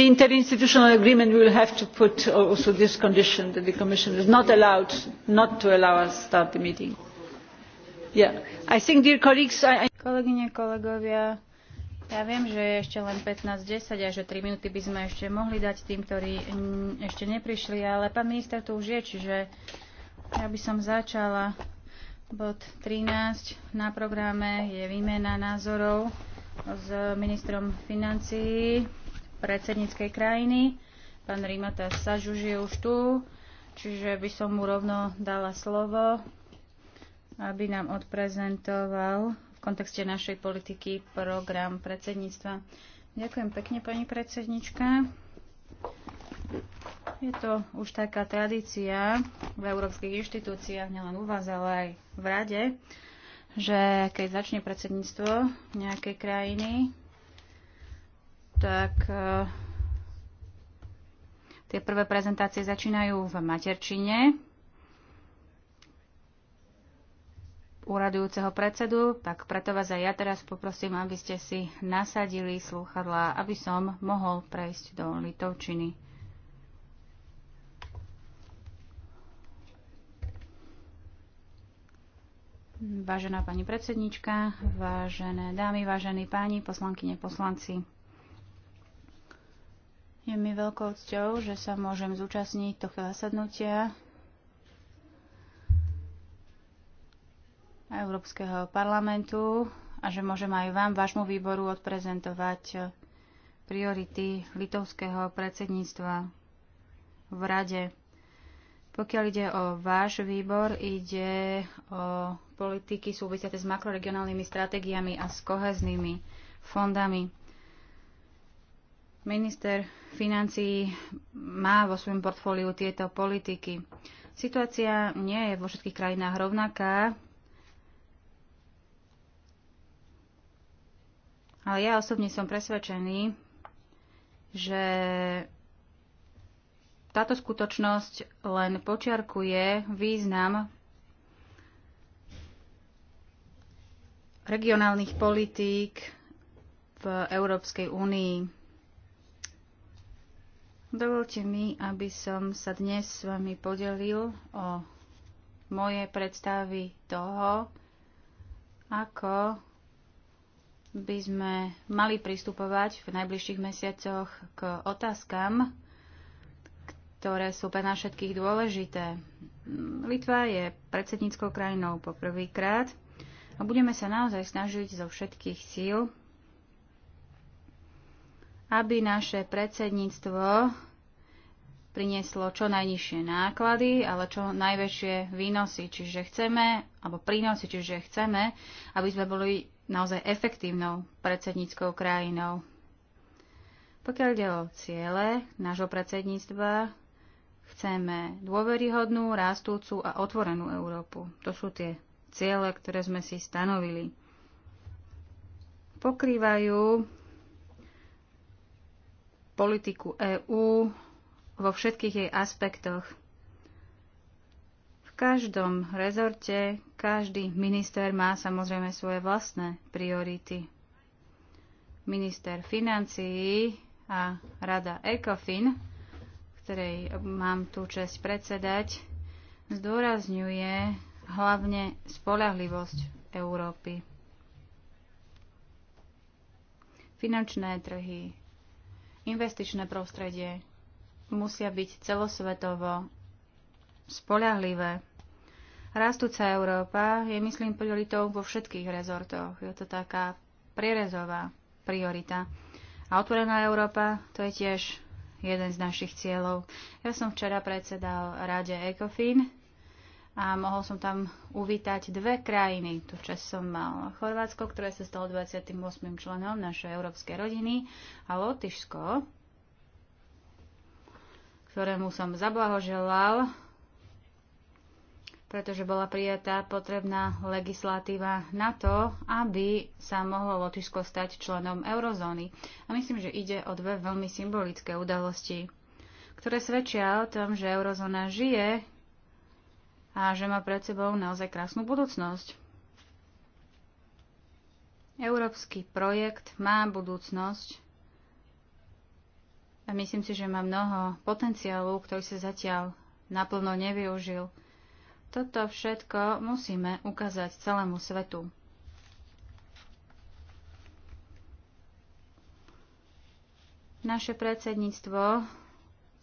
the interinstitutional agreement will have to put also this condition that the commission is not allowed not to allow us to start the meeting. I think, dear colleagues, I... Kolegyne, kolegovia, ja viem, že je ešte len 15.10 a že 3 minúty by sme ešte mohli dať tým, ktorí ešte neprišli, ale pán minister tu už je, čiže ja by som začala. Bod 13 na programe je výmena názorov s ministrom financií predsedníckej krajiny. Pán Rimata Sažuž je už tu, čiže by som mu rovno dala slovo, aby nám odprezentoval v kontexte našej politiky program predsedníctva. Ďakujem pekne, pani predsednička. Je to už taká tradícia v európskych inštitúciách, nielen u vás, ale aj v Rade, že keď začne predsedníctvo nejakej krajiny, tak eh, tie prvé prezentácie začínajú v materčine úradujúceho predsedu, tak preto vás aj ja teraz poprosím, aby ste si nasadili slúchadlá, aby som mohol prejsť do litovčiny. Vážená pani predsednička, vážené dámy, vážení páni, poslankyne, poslanci. Je mi veľkou cťou, že sa môžem zúčastniť tohto zasadnutia Európskeho parlamentu a že môžem aj vám, vášmu výboru, odprezentovať priority litovského predsedníctva v Rade. Pokiaľ ide o váš výbor, ide o politiky súvisiace s makroregionálnymi stratégiami a s koheznými fondami. Minister financií má vo svojom portfóliu tieto politiky. Situácia nie je vo všetkých krajinách rovnaká, ale ja osobne som presvedčený, že táto skutočnosť len počiarkuje význam regionálnych politík v Európskej únii. Dovolte mi, aby som sa dnes s vami podelil o moje predstavy toho, ako by sme mali pristupovať v najbližších mesiacoch k otázkam, ktoré sú pre nás všetkých dôležité. Litva je predsedníckou krajinou poprvýkrát a budeme sa naozaj snažiť zo všetkých síl aby naše predsedníctvo prinieslo čo najnižšie náklady, ale čo najväčšie výnosy, čiže chceme, alebo prínosy, čiže chceme, aby sme boli naozaj efektívnou predsedníckou krajinou. Pokiaľ ide o ciele nášho predsedníctva, chceme dôveryhodnú, rastúcu a otvorenú Európu. To sú tie ciele, ktoré sme si stanovili. Pokrývajú politiku EÚ vo všetkých jej aspektoch. V každom rezorte každý minister má samozrejme svoje vlastné priority. Minister financií a rada ECOFIN, ktorej mám tú čest predsedať, zdôrazňuje hlavne spolahlivosť Európy. Finančné trhy, investičné prostredie musia byť celosvetovo spoľahlivé. Rastúca Európa je, myslím, prioritou vo všetkých rezortoch. Je to taká prierezová priorita. A otvorená Európa to je tiež jeden z našich cieľov. Ja som včera predsedal Rade ECOFIN a mohol som tam uvítať dve krajiny. Tu čas som mal Chorvátsko, ktoré sa stalo 28. členom našej európskej rodiny a Lotyšsko, ktorému som zablahoželal, pretože bola prijatá potrebná legislatíva na to, aby sa mohlo Lotyšsko stať členom eurozóny. A myslím, že ide o dve veľmi symbolické udalosti, ktoré svedčia o tom, že eurozóna žije, a že má pred sebou naozaj krásnu budúcnosť. Európsky projekt má budúcnosť a myslím si, že má mnoho potenciálu, ktorý sa zatiaľ naplno nevyužil. Toto všetko musíme ukázať celému svetu. Naše predsedníctvo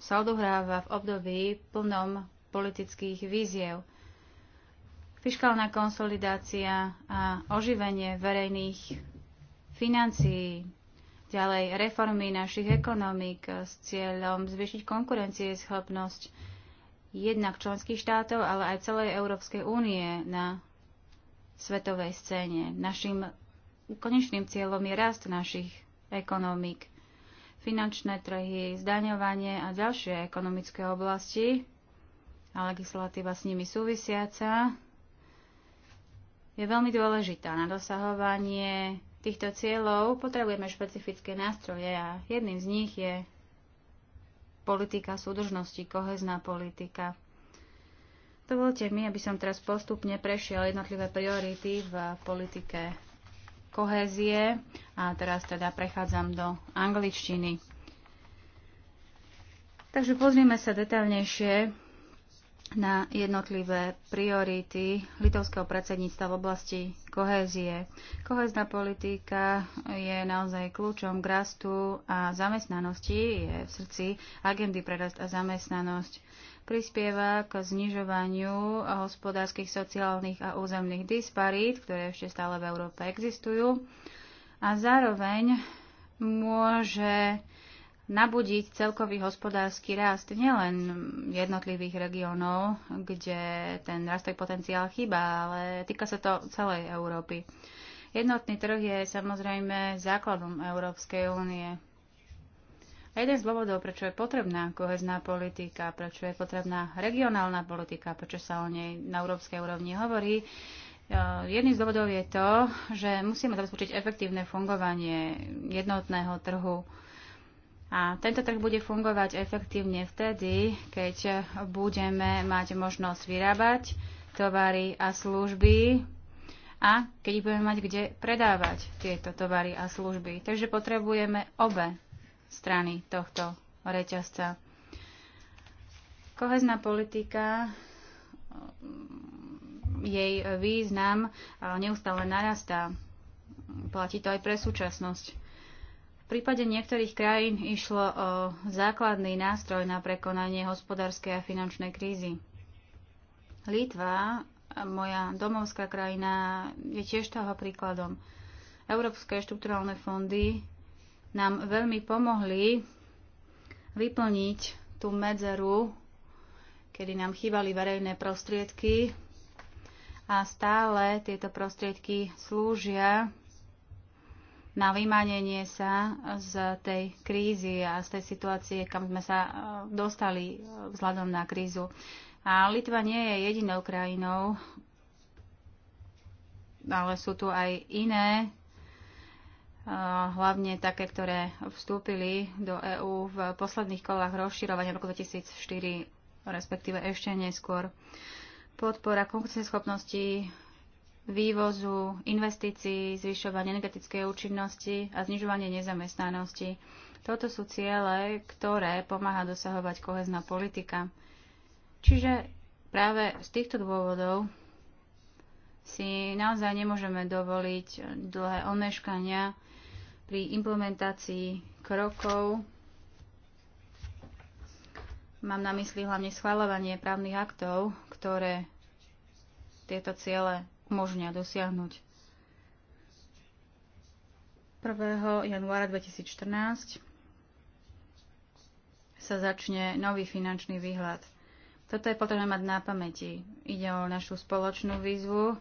sa odohráva v období plnom politických víziev. Fiškálna konsolidácia a oživenie verejných financií, ďalej reformy našich ekonomík s cieľom zvýšiť schopnosť jednak členských štátov, ale aj celej Európskej únie na svetovej scéne. Našim konečným cieľom je rast našich ekonomík finančné trhy, zdaňovanie a ďalšie ekonomické oblasti, a legislatíva s nimi súvisiaca je veľmi dôležitá. Na dosahovanie týchto cieľov potrebujeme špecifické nástroje a jedným z nich je politika súdržnosti, kohezná politika. Dovolte mi, aby som teraz postupne prešiel jednotlivé priority v politike kohézie a teraz teda prechádzam do angličtiny. Takže pozrieme sa detaľnejšie na jednotlivé priority litovského predsedníctva v oblasti kohézie. Kohézna politika je naozaj kľúčom k rastu a zamestnanosti, je v srdci agendy pre rast a zamestnanosť. Prispieva k znižovaniu hospodárskych, sociálnych a územných disparít, ktoré ešte stále v Európe existujú. A zároveň môže nabudiť celkový hospodársky rast nielen jednotlivých regiónov, kde ten rastový potenciál chýba, ale týka sa to celej Európy. Jednotný trh je samozrejme základom Európskej únie. A jeden z dôvodov, prečo je potrebná kohezná politika, prečo je potrebná regionálna politika, prečo sa o nej na európskej úrovni hovorí, e, Jedným z dôvodov je to, že musíme zabezpečiť efektívne fungovanie jednotného trhu a tento trh bude fungovať efektívne vtedy, keď budeme mať možnosť vyrábať tovary a služby a keď budeme mať kde predávať tieto tovary a služby. Takže potrebujeme obe strany tohto reťazca. Kohezná politika, jej význam neustále narastá. Platí to aj pre súčasnosť. V prípade niektorých krajín išlo o základný nástroj na prekonanie hospodárskej a finančnej krízy. Litva, moja domovská krajina, je tiež toho príkladom. Európske štruktúralne fondy nám veľmi pomohli vyplniť tú medzeru, kedy nám chýbali verejné prostriedky a stále tieto prostriedky slúžia na vymanenie sa z tej krízy a z tej situácie, kam sme sa e, dostali e, vzhľadom na krízu. A Litva nie je jedinou krajinou, ale sú tu aj iné, e, hlavne také, ktoré vstúpili do EÚ v posledných kolách rozširovania roku 2004, respektíve ešte neskôr. Podpora konkurenceschopnosti vývozu, investícií, zvyšovanie energetickej účinnosti a znižovanie nezamestnanosti. Toto sú ciele, ktoré pomáha dosahovať kohezná politika. Čiže práve z týchto dôvodov si naozaj nemôžeme dovoliť dlhé omeškania pri implementácii krokov. Mám na mysli hlavne schváľovanie právnych aktov, ktoré tieto ciele umožňa dosiahnuť. 1. januára 2014 sa začne nový finančný výhľad. Toto je potrebné mať na pamäti. Ide o našu spoločnú výzvu,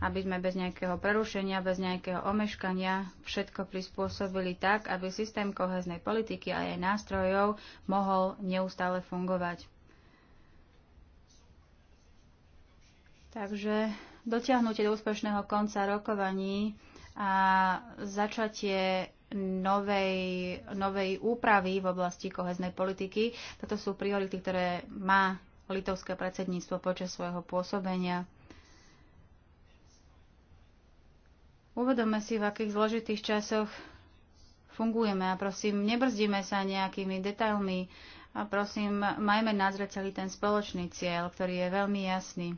aby sme bez nejakého prerušenia, bez nejakého omeškania všetko prispôsobili tak, aby systém koheznej politiky a jej nástrojov mohol neustále fungovať. Takže dotiahnutie do úspešného konca rokovaní a začatie novej, novej úpravy v oblasti koheznej politiky. Toto sú priority, ktoré má litovské predsedníctvo počas svojho pôsobenia. Uvedome si, v akých zložitých časoch fungujeme a prosím, nebrzdíme sa nejakými detailmi a prosím, majme na zreteli ten spoločný cieľ, ktorý je veľmi jasný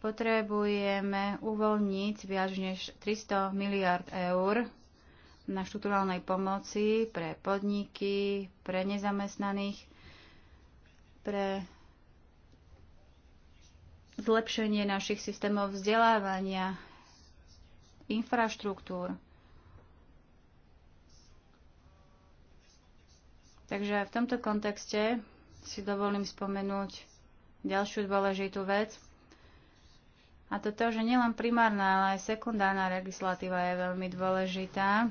potrebujeme uvoľniť viac než 300 miliard eur na štruktúralnej pomoci pre podniky, pre nezamestnaných, pre zlepšenie našich systémov vzdelávania, infraštruktúr. Takže v tomto kontexte si dovolím spomenúť ďalšiu dôležitú vec – a toto, že nielen primárna, ale aj sekundárna legislatíva je veľmi dôležitá.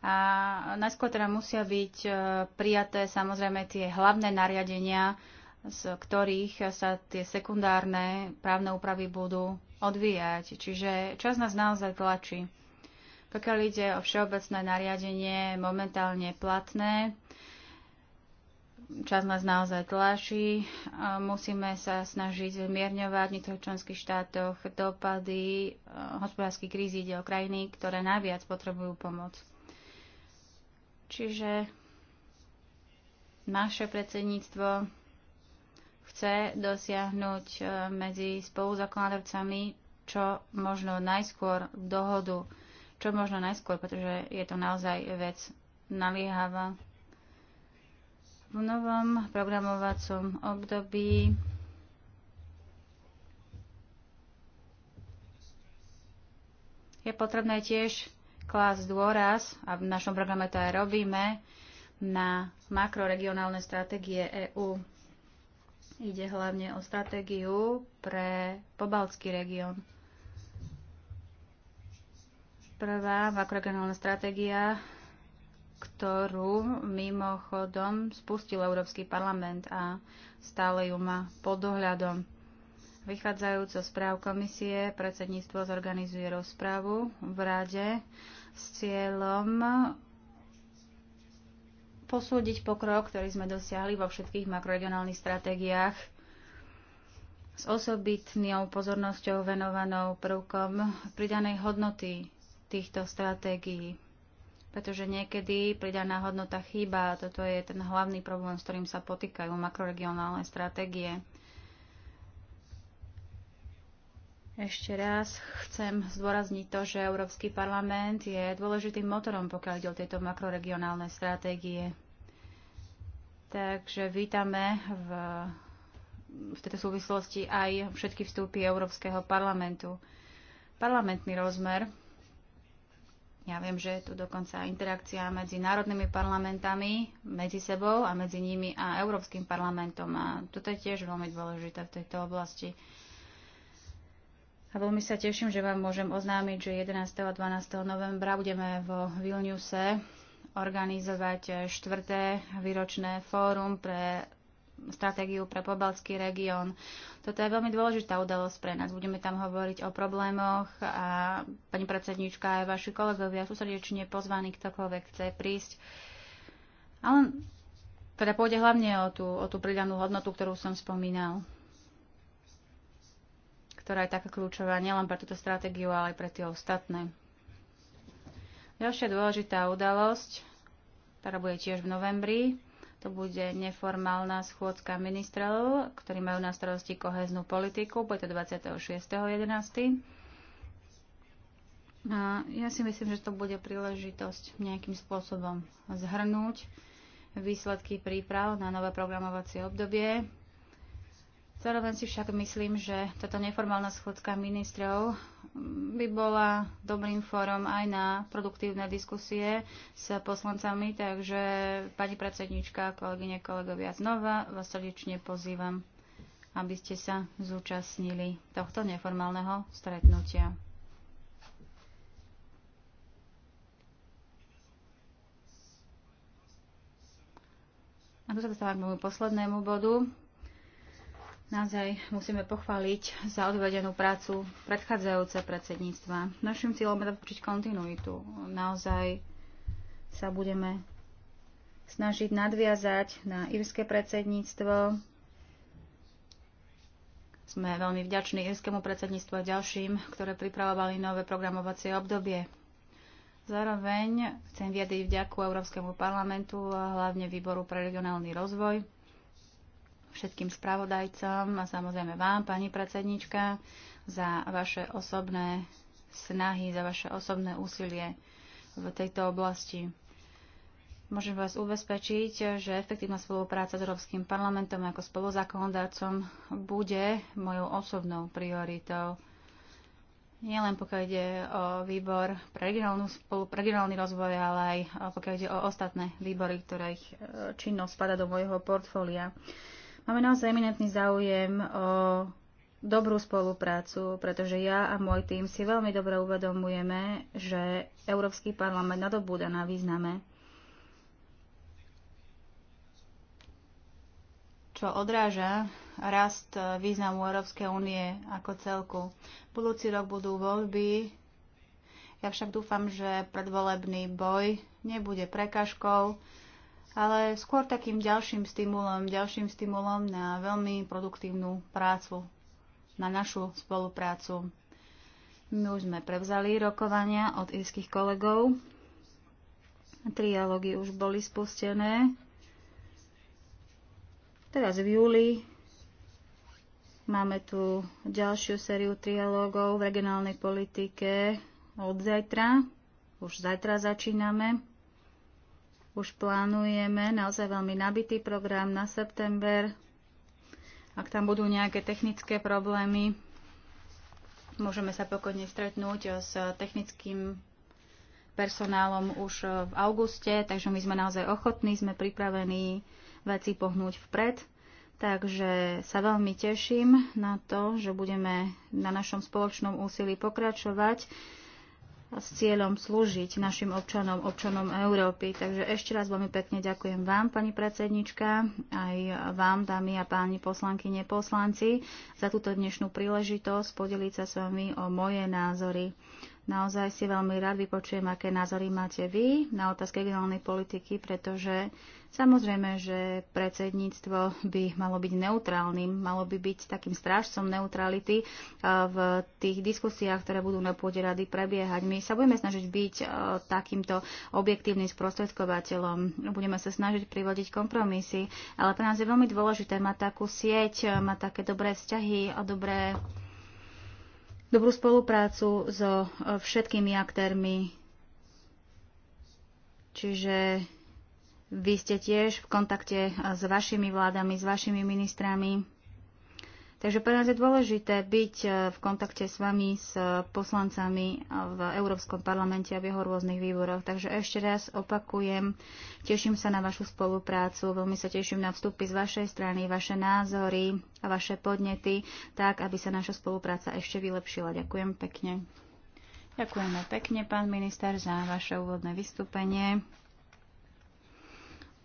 A najskôr teda musia byť e, prijaté samozrejme tie hlavné nariadenia, z ktorých sa tie sekundárne právne úpravy budú odvíjať. Čiže čas nás naozaj tlačí. Pokiaľ ide o všeobecné nariadenie, momentálne platné, čas nás naozaj tlačí. Musíme sa snažiť zmierňovať v niektorých členských štátoch dopady e, hospodárskej krízy ide o krajiny, ktoré najviac potrebujú pomoc. Čiže naše predsedníctvo chce dosiahnuť e, medzi spoluzakladovcami čo možno najskôr dohodu, čo možno najskôr, pretože je to naozaj vec naliehavá. V novom programovacom období je potrebné tiež klásť dôraz, a v našom programe to aj robíme, na makroregionálne stratégie EÚ. Ide hlavne o stratégiu pre pobaltský región. Prvá makroregionálna stratégia ktorú mimochodom spustil Európsky parlament a stále ju má pod dohľadom. Vychádzajúco správ komisie, predsedníctvo zorganizuje rozpravu v rade s cieľom posúdiť pokrok, ktorý sme dosiahli vo všetkých makroregionálnych stratégiách s osobitnou pozornosťou venovanou prvkom pridanej hodnoty týchto stratégií pretože niekedy pridaná hodnota chýba. Toto je ten hlavný problém, s ktorým sa potýkajú makroregionálne stratégie. Ešte raz chcem zdôrazniť to, že Európsky parlament je dôležitým motorom, pokiaľ ide o tieto makroregionálne stratégie. Takže vítame v, v tejto súvislosti aj všetky vstupy Európskeho parlamentu. Parlamentný rozmer ja viem, že je tu dokonca interakcia medzi národnými parlamentami, medzi sebou a medzi nimi a Európskym parlamentom. A toto je tiež veľmi dôležité v tejto oblasti. A veľmi sa teším, že vám môžem oznámiť, že 11. a 12. novembra budeme vo Vilniuse organizovať štvrté výročné fórum pre stratégiu pre pobalský región. Toto je veľmi dôležitá udalosť pre nás. Budeme tam hovoriť o problémoch a pani predsednička aj vaši kolegovia sú srdečne pozvaní, ktokoľvek chce prísť. Ale teda pôjde hlavne o tú, o tú pridanú hodnotu, ktorú som spomínal ktorá je taká kľúčová nielen pre túto stratégiu, ale aj pre tie ostatné. Ďalšia dôležitá udalosť, ktorá bude tiež v novembri, to bude neformálna schôdzka ministrov, ktorí majú na starosti koheznú politiku. Bude to 26.11. A ja si myslím, že to bude príležitosť nejakým spôsobom zhrnúť výsledky príprav na nové programovacie obdobie Zároveň si však myslím, že táto neformálna schodka ministrov by bola dobrým fórom aj na produktívne diskusie s poslancami, takže pani predsednička, kolegyne, kolegovia, znova vás srdečne pozývam, aby ste sa zúčastnili tohto neformálneho stretnutia. A tu sa dostávam k môjmu poslednému bodu. Naozaj musíme pochváliť za odvedenú prácu predchádzajúce predsedníctva. Našim cieľom je dopočiť kontinuitu. Naozaj sa budeme snažiť nadviazať na írske predsedníctvo. Sme veľmi vďační írskemu predsedníctvu a ďalším, ktoré pripravovali nové programovacie obdobie. Zároveň chcem vyjadriť vďaku Európskemu parlamentu a hlavne Výboru pre regionálny rozvoj, všetkým spravodajcom a samozrejme vám, pani predsednička, za vaše osobné snahy, za vaše osobné úsilie v tejto oblasti. Môžem vás ubezpečiť, že efektívna spolupráca s Európskym parlamentom ako spoluzákonodárcom bude mojou osobnou prioritou. Nielen pokiaľ ide o výbor pre regionálny rozvoj, ale aj pokiaľ ide o ostatné výbory, ktorých eh, činnosť spada do mojho portfólia. Máme naozaj eminentný záujem o dobrú spoluprácu, pretože ja a môj tým si veľmi dobre uvedomujeme, že Európsky parlament nadobúda na význame. čo odráža rast významu Európskej únie ako celku. Budúci rok budú voľby. Ja však dúfam, že predvolebný boj nebude prekažkou ale skôr takým ďalším stimulom, ďalším stimulom na veľmi produktívnu prácu, na našu spoluprácu. My už sme prevzali rokovania od írskych kolegov. Trialógy už boli spustené. Teraz v júli máme tu ďalšiu sériu trialógov v regionálnej politike od zajtra. Už zajtra začíname. Už plánujeme naozaj veľmi nabitý program na september. Ak tam budú nejaké technické problémy, môžeme sa pokojne stretnúť s technickým personálom už v auguste, takže my sme naozaj ochotní, sme pripravení veci pohnúť vpred. Takže sa veľmi teším na to, že budeme na našom spoločnom úsilí pokračovať s cieľom slúžiť našim občanom, občanom Európy. Takže ešte raz veľmi pekne ďakujem vám, pani predsednička, aj vám, dámy a páni poslanky, neposlanci, za túto dnešnú príležitosť podeliť sa s vami o moje názory Naozaj si veľmi rád vypočujem, aké názory máte vy na otázky regionálnej politiky, pretože samozrejme, že predsedníctvo by malo byť neutrálnym, malo by byť takým strážcom neutrality e, v tých diskusiách, ktoré budú na pôde rady prebiehať. My sa budeme snažiť byť e, takýmto objektívnym sprostredkovateľom. Budeme sa snažiť privodiť kompromisy, ale pre nás je veľmi dôležité mať takú sieť, e, mať také dobré vzťahy a dobré dobrú spoluprácu so e, všetkými aktérmi. Čiže vy ste tiež v kontakte e, s vašimi vládami, s vašimi ministrami. Takže pre nás je dôležité byť e, v kontakte s vami, s e, poslancami v Európskom parlamente a v jeho rôznych výboroch. Takže ešte raz opakujem, teším sa na vašu spoluprácu, veľmi sa teším na vstupy z vašej strany, vaše názory a vaše podnety, tak aby sa naša spolupráca ešte vylepšila. Ďakujem pekne. Ďakujeme pekne, pán minister, za vaše úvodné vystúpenie.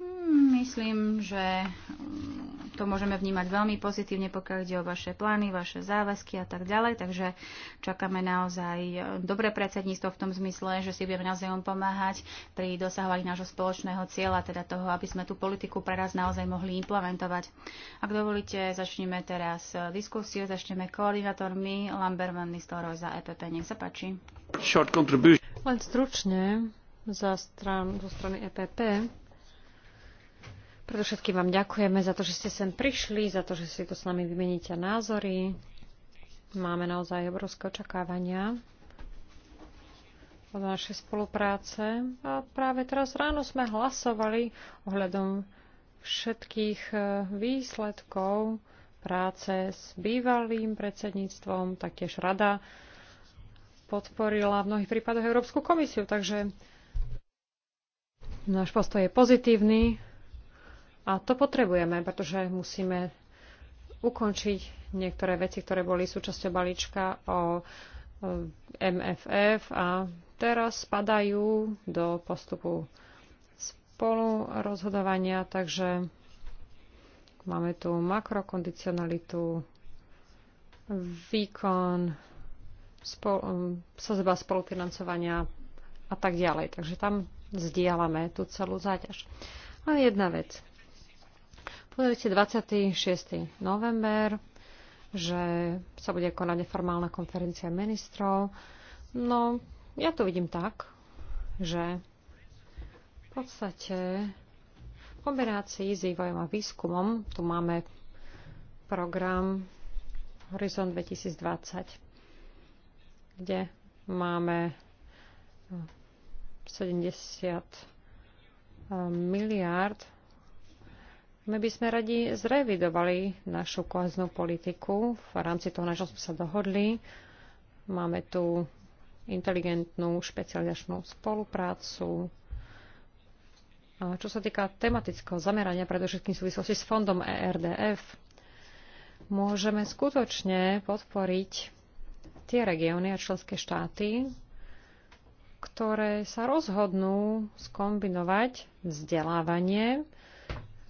Hm, myslím, že hm, to môžeme vnímať veľmi pozitívne, pokiaľ ide o vaše plány, vaše záväzky a tak ďalej. Takže čakáme naozaj e, dobré predsedníctvo v tom zmysle, že si budeme naozaj pomáhať pri dosahovaní nášho spoločného cieľa, teda toho, aby sme tú politiku pre nás naozaj mohli implementovať. Ak dovolíte, začneme teraz e, diskusiu, začneme koordinátormi Lamberman Nistorov za EPP. Nech sa páči. Len stručne za stran, zo strany EPP Predovšetkým vám ďakujeme za to, že ste sem prišli, za to, že si tu s nami vymeníte názory. Máme naozaj obrovské očakávania od našej spolupráce. A práve teraz ráno sme hlasovali ohľadom všetkých e, výsledkov práce s bývalým predsedníctvom, taktiež rada podporila v mnohých prípadoch Európsku komisiu, takže náš postoj je pozitívny a to potrebujeme, pretože musíme ukončiť niektoré veci, ktoré boli súčasťou balíčka o e, MFF a teraz spadajú do postupu spolu rozhodovania, takže máme tu makrokondicionalitu, výkon, spol, e, sazba spolufinancovania a tak ďalej. Takže tam zdieľame tú celú záťaž. A jedna vec. Povedali ste 26. november, že sa bude konať neformálna konferencia ministrov. No, ja to vidím tak, že v podstate v kombinácii s vývojom a výskumom tu máme program Horizon 2020, kde máme 70 eh, miliárd my by sme radi zrevidovali našu koheznú politiku. V rámci toho, na čo sme sa dohodli, máme tu inteligentnú špecializačnú spoluprácu. A čo sa týka tematického zamerania, predovšetkým v súvislosti s fondom ERDF, môžeme skutočne podporiť tie regióny a členské štáty, ktoré sa rozhodnú skombinovať vzdelávanie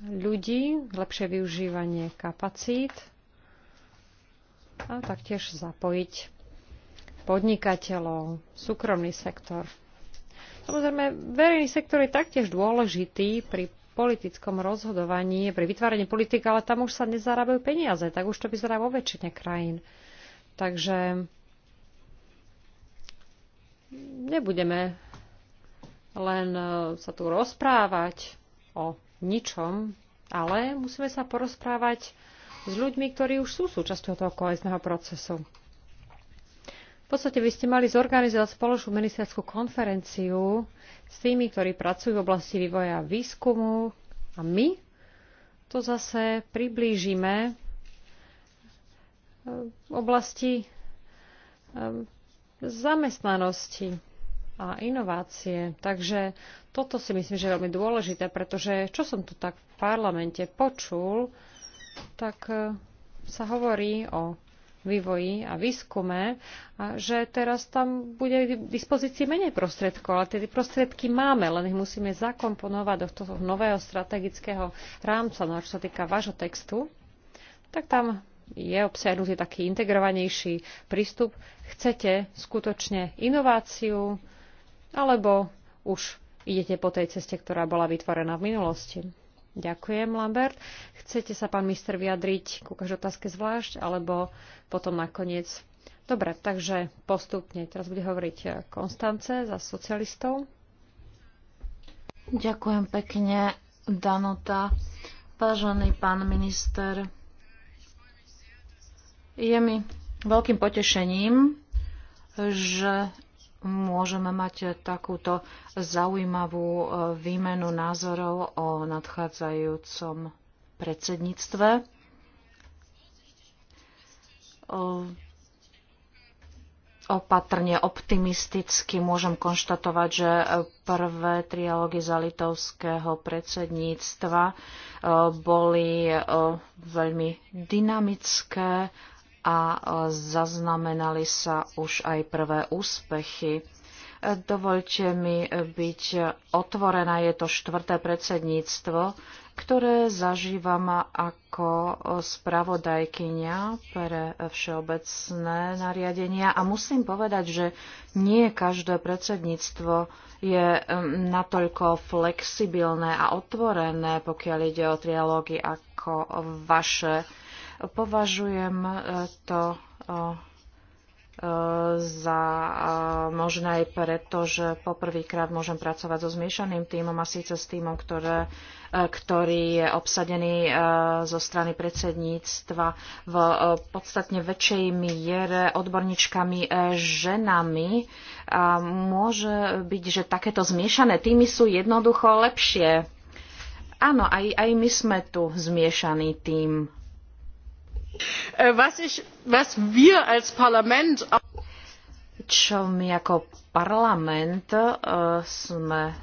ľudí, lepšie využívanie kapacít a taktiež zapojiť podnikateľov, súkromný sektor. Samozrejme, verejný sektor je taktiež dôležitý pri politickom rozhodovaní, pri vytváraní politik, ale tam už sa nezarábajú peniaze, tak už to vyzerá vo väčšine krajín. Takže nebudeme len eh, sa tu rozprávať o ničom, ale musíme sa porozprávať s ľuďmi, ktorí už sú súčasťou toho koalizného procesu. V podstate by ste mali zorganizovať spoločnú ministerskú konferenciu s tými, ktorí pracujú v oblasti vývoja a výskumu a my to zase priblížime eh, v oblasti eh, zamestnanosti a inovácie. Takže toto si myslím, že je veľmi dôležité, pretože čo som tu tak v parlamente počul, tak e, sa hovorí o vývoji a výskume, a že teraz tam bude k dispozícii menej prostriedkov, ale tie prostriedky máme, len ich musíme zakomponovať do toho nového strategického rámca, no a čo sa týka vášho textu, tak tam je obsiahnutý taký integrovanejší prístup. Chcete skutočne inováciu, alebo už idete po tej ceste, ktorá bola vytvorená v minulosti. Ďakujem, Lambert. Chcete sa, pán minister, vyjadriť ku každej otázke zvlášť, alebo potom nakoniec? Dobre, takže postupne. Teraz bude hovoriť Konstance za socialistov. Ďakujem pekne, Danota. Vážený pán minister, je mi veľkým potešením, že môžeme mať takúto zaujímavú e, výmenu názorov o nadchádzajúcom predsedníctve. E, opatrne optimisticky môžem konštatovať, že prvé trialógy za litovského predsedníctva e, boli veľmi dynamické, a e, zaznamenali sa už aj prvé úspechy. E, Dovolte mi byť otvorená, je to štvrté predsedníctvo, ktoré zažívam ako spravodajkynia pre všeobecné nariadenia a musím povedať, že nie každé predsedníctvo je natoľko flexibilné a otvorené, pokiaľ ide o trialógy ako vaše Považujem e, to e, e, za možné aj preto, že poprvýkrát môžem pracovať so zmiešaným týmom a síce s týmom, ktoré, ktorý je obsadený zo strany predsedníctva v podstatne väčšej miere odborníčkami ženami. A môže byť, že takéto zmiešané týmy sú jednoducho lepšie. Áno, aj, aj my sme tu zmiešaný tým. Äh, Čo my ako parlament äh, sme äh,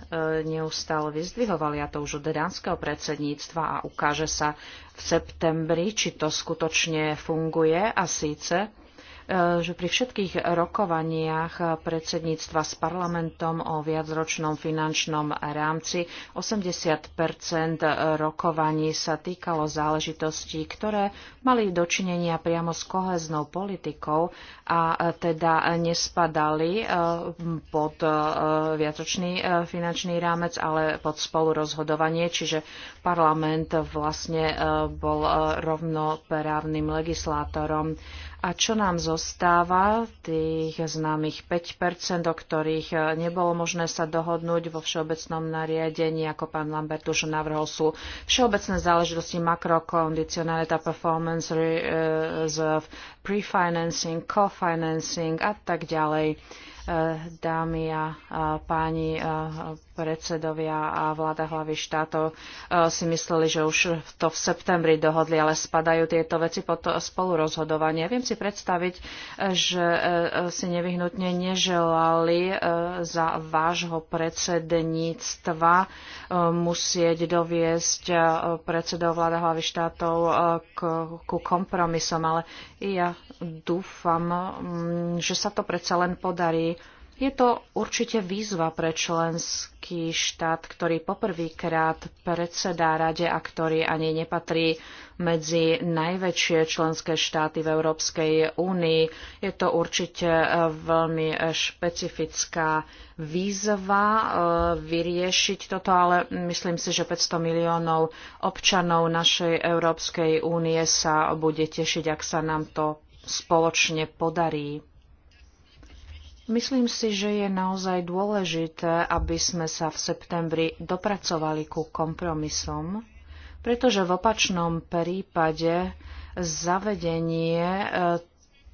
neustále vyzdvihovali, a to už od dánskeho predsedníctva, a ukáže sa v septembri, či to skutočne funguje, a síce Eh, že pri všetkých rokovaniach predsedníctva s parlamentom o viacročnom finančnom rámci 80 rokovaní sa týkalo záležitostí, ktoré mali dočinenia priamo s koheznou politikou a teda nespadali eh, pod eh, viacročný finančný rámec, ale pod spolurozhodovanie, čiže parlament vlastne bol rovnoprávnym legislátorom. A čo nám zostáva, tých známych 5%, o ktorých e, nebolo možné sa dohodnúť vo všeobecnom nariadení, ako pán Lambert už navrhol, sú všeobecné záležitosti makrokondicionalita, performance reserve, prefinancing, cofinancing a tak ďalej e, dámy a páni, e, predsedovia a vláda hlavy štátov e, si mysleli, že už to v septembri dohodli, ale spadajú tieto veci pod spolurozhodovanie. Viem si predstaviť, e, že e, si nevyhnutne neželali za vášho predsedníctva musieť doviesť predsedov vláda hlavy štátov ku kompromisom, ale ja dúfam, že sa to predsa len podarí je to určite výzva pre členský štát, ktorý poprvýkrát predsedá rade a ktorý ani nepatrí medzi najväčšie členské štáty v Európskej únii. Je to určite e, veľmi e, špecifická výzva e, vyriešiť toto, ale myslím si, že 500 miliónov občanov našej Európskej únie sa bude tešiť, ak sa nám to spoločne podarí. Myslím si, že je naozaj dôležité, aby sme sa v septembri dopracovali ku kompromisom, pretože v opačnom prípade zavedenie e,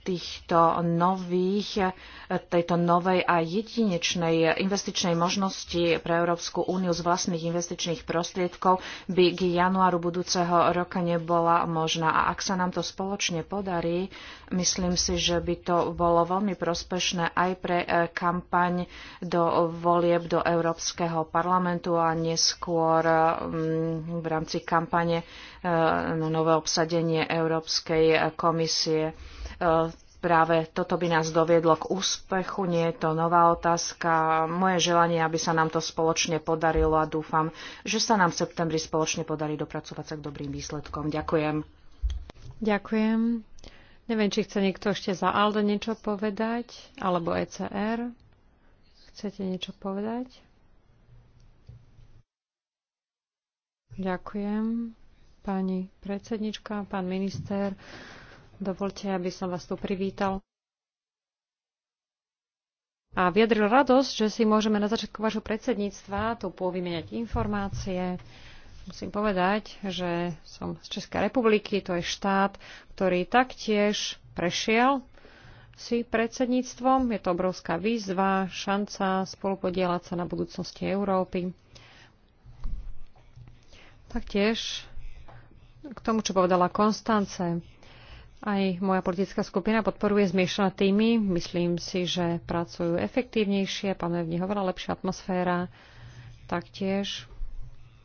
týchto nových, tejto novej a jedinečnej investičnej možnosti pre Európsku úniu z vlastných investičných prostriedkov by k januáru budúceho roka nebola možná. A ak sa nám to spoločne podarí, myslím si, že by to bolo veľmi prospešné aj pre e, kampaň do volieb do Európskeho parlamentu a neskôr mm, v rámci kampane e, nové obsadenie Európskej komisie. E, práve toto by nás doviedlo k úspechu. Nie je to nová otázka. Moje želanie, aby sa nám to spoločne podarilo a dúfam, že sa nám v septembri spoločne podarí dopracovať sa k dobrým výsledkom. Ďakujem. Ďakujem. Neviem, či chce niekto ešte za Aldo niečo povedať, alebo ECR. Chcete niečo povedať? Ďakujem. Pani predsednička, pán minister. Dovolte, aby som vás tu privítal a vyjadril radosť, že si môžeme na začiatku vášho predsedníctva tu povymeniať informácie. Musím povedať, že som z Českej republiky, to je štát, ktorý taktiež prešiel si predsedníctvom. Je to obrovská výzva, šanca spolupodielať sa na budúcnosti Európy. Taktiež k tomu, čo povedala Konstance, aj moja politická skupina podporuje zmiešané týmy. Myslím si, že pracujú efektívnejšie, panuje v nich oveľa lepšia atmosféra. Taktiež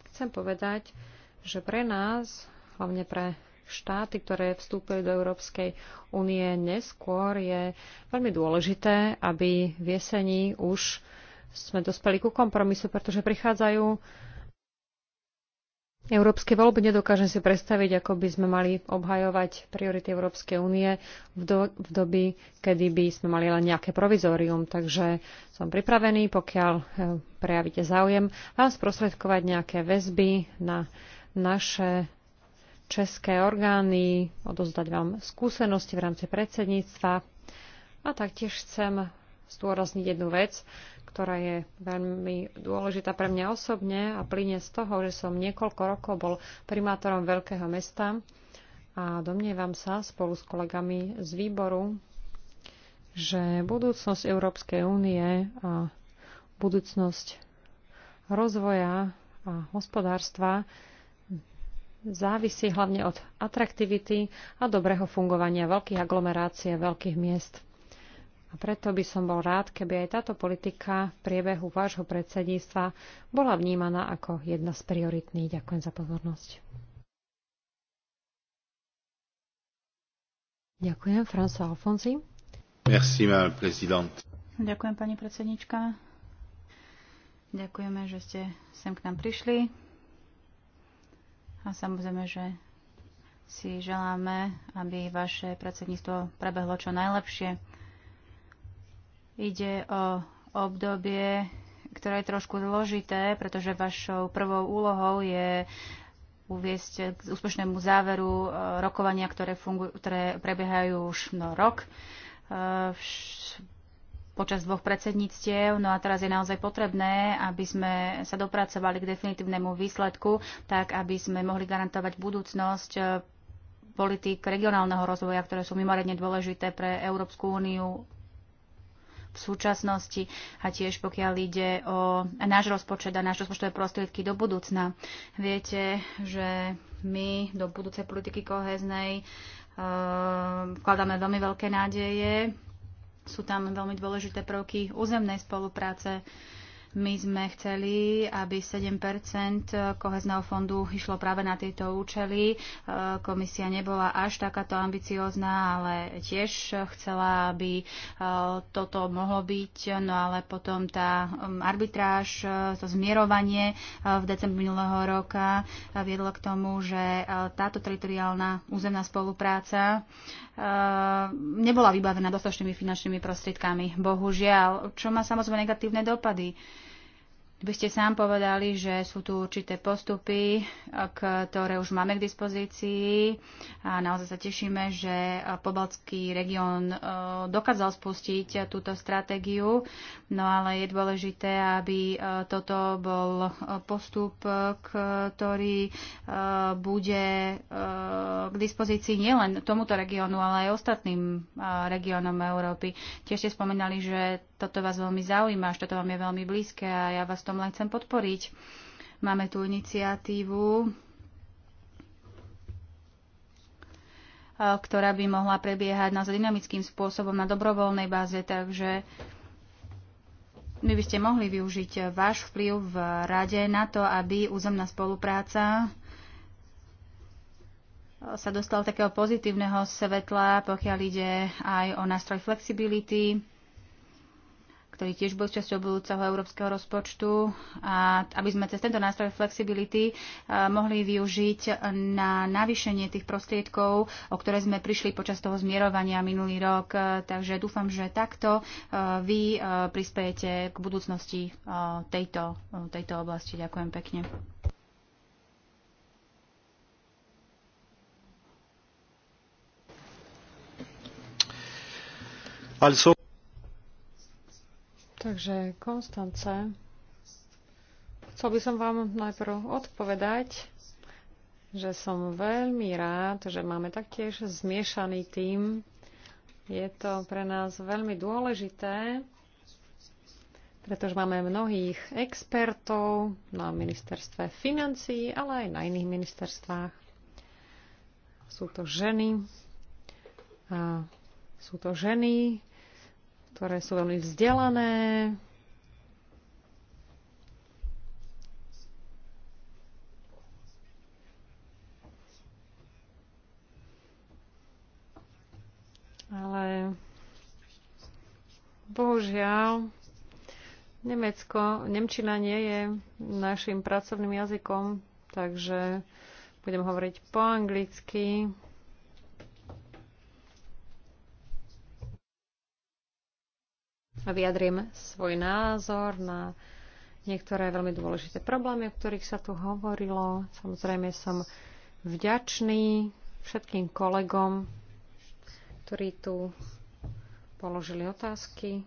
chcem povedať, že pre nás, hlavne pre štáty, ktoré vstúpili do Európskej únie neskôr, je veľmi dôležité, aby v jeseni už sme dospeli ku kompromisu, pretože prichádzajú európske voľby nedokážem si predstaviť, ako by sme mali obhajovať priority Európskej únie v, do, v doby, kedy by sme mali len nejaké provizórium. Takže som pripravený, pokiaľ eh, prejavíte záujem, vám sprostredkovať nejaké väzby na naše české orgány, odozdať vám skúsenosti v rámci predsedníctva. A taktiež chcem zdôrazniť jednu vec, ktorá je veľmi dôležitá pre mňa osobne a plyne z toho, že som niekoľko rokov bol primátorom veľkého mesta a domnievam sa spolu s kolegami z výboru, že budúcnosť Európskej únie a budúcnosť rozvoja a hospodárstva závisí hlavne od atraktivity a dobrého fungovania veľkých aglomerácií a veľkých miest. A preto by som bol rád, keby aj táto politika v priebehu vášho predsedníctva bola vnímaná ako jedna z prioritných. Ďakujem za pozornosť. Ďakujem, François Alfonsi. Merci, madame présidente. Ďakujem, pani predsednička. Ďakujeme, že ste sem k nám prišli. A samozrejme, že si želáme, aby vaše predsedníctvo prebehlo čo najlepšie. Ide o obdobie, ktoré je trošku zložité, pretože vašou prvou úlohou je uviesť k úspešnému záveru e, rokovania, ktoré, fungujú, ktoré prebiehajú už no rok e, počas dvoch predsedníctiev. No a teraz je naozaj potrebné, aby sme sa dopracovali k definitívnemu výsledku, tak aby sme mohli garantovať budúcnosť e, politík regionálneho rozvoja, ktoré sú mimoriadne dôležité pre Európsku úniu v súčasnosti a tiež pokiaľ ide o náš rozpočet a náš rozpočtové prostriedky do budúcna. Viete, že my do budúcej politiky koheznej eh, vkladáme veľmi veľké nádeje. Sú tam veľmi dôležité prvky územnej spolupráce, my sme chceli, aby 7 kohezného fondu išlo práve na tieto účely. E, komisia nebola až takáto ambiciózna, ale tiež chcela, aby e, toto mohlo byť. No ale potom tá arbitráž, e, to zmierovanie v decembri minulého roka viedlo k tomu, že táto teritoriálna územná spolupráca nebola vybavená dostatočnými finančnými prostriedkami. Bohužiaľ, čo má samozrejme negatívne dopady. Vy ste sám povedali, že sú tu určité postupy, ktoré už máme k dispozícii a naozaj sa tešíme, že pobaltský región e, dokázal spustiť túto stratégiu, no ale je dôležité, aby e, toto bol e, postup, ktorý bude k dispozícii nielen tomuto regiónu, ale aj ostatným regiónom Európy. Tiež ste spomenali, že toto vás veľmi zaujíma, že toto vám je veľmi blízke a ja vás tom len chcem podporiť. Máme tu iniciatívu, eh, ktorá by mohla prebiehať naozaj dynamickým spôsobom na dobrovoľnej báze, takže my by ste mohli využiť eh, váš vplyv v rade na to, aby územná spolupráca eh, sa dostala takého pozitívneho svetla, pokiaľ ide aj o nástroj flexibility, ktorý tiež bol časťou budúceho európskeho rozpočtu, a aby sme cez tento nástroj flexibility e, mohli využiť na navýšenie tých prostriedkov, o ktoré sme prišli počas toho zmierovania minulý rok. E, takže dúfam, že takto e, vy prispiejete k budúcnosti tejto, tejto oblasti. Ďakujem pekne. Also Takže, Konstance, chcel by som vám najprv odpovedať, že som veľmi rád, že máme taktiež zmiešaný tým. Je to pre nás veľmi dôležité, pretože máme mnohých expertov na ministerstve financí, ale aj na iných ministerstvách. Sú to ženy. A sú to ženy, ktoré sú veľmi vzdelané, ale bohužiaľ Nemecko, Nemčina nie je našim pracovným jazykom, takže budem hovoriť po anglicky. a vyjadrím svoj názor na niektoré veľmi dôležité problémy, o ktorých sa tu hovorilo. Samozrejme som vďačný všetkým kolegom, ktorí tu položili otázky.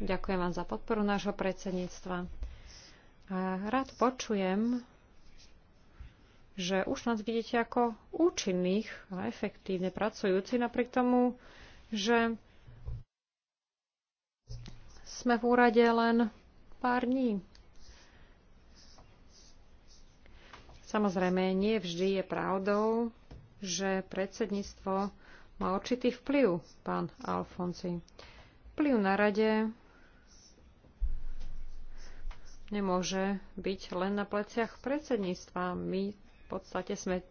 Ďakujem vám za podporu nášho predsedníctva. A rád počujem, že už nás vidíte ako účinných a efektívne pracujúci, napriek tomu, že sme v úrade len pár dní. Samozrejme, nie vždy je pravdou, že predsedníctvo má určitý vplyv, pán Alfonsi. Vplyv na rade nemôže byť len na pleciach predsedníctva. My v podstate sme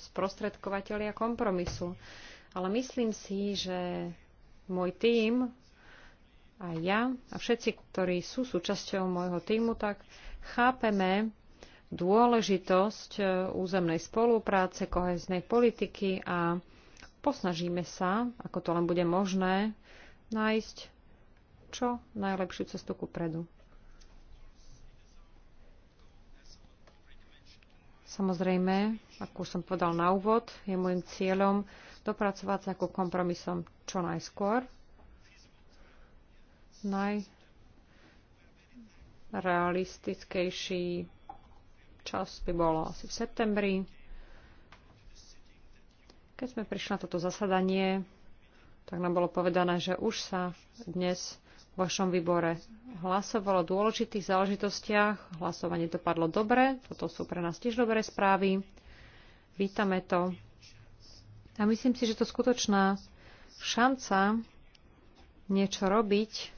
sprostredkovateľia kompromisu. Ale myslím si, že môj tým a ja a všetci, ktorí sú súčasťou môjho týmu, tak chápeme dôležitosť e, územnej spolupráce, koheznej politiky a posnažíme sa, ako to len bude možné, nájsť čo najlepšiu cestu ku predu. Samozrejme, ako som povedal na úvod, je môjim cieľom dopracovať sa ku kompromisom čo najskôr, Najrealistickejší čas by bolo asi v septembri. Keď sme prišli na toto zasadanie, tak nám bolo povedané, že už sa dnes v vašom výbore hlasovalo o dôležitých záležitostiach. Hlasovanie dopadlo dobre, toto sú pre nás tiež dobré správy. Vítame to. A myslím si, že to skutočná šanca niečo robiť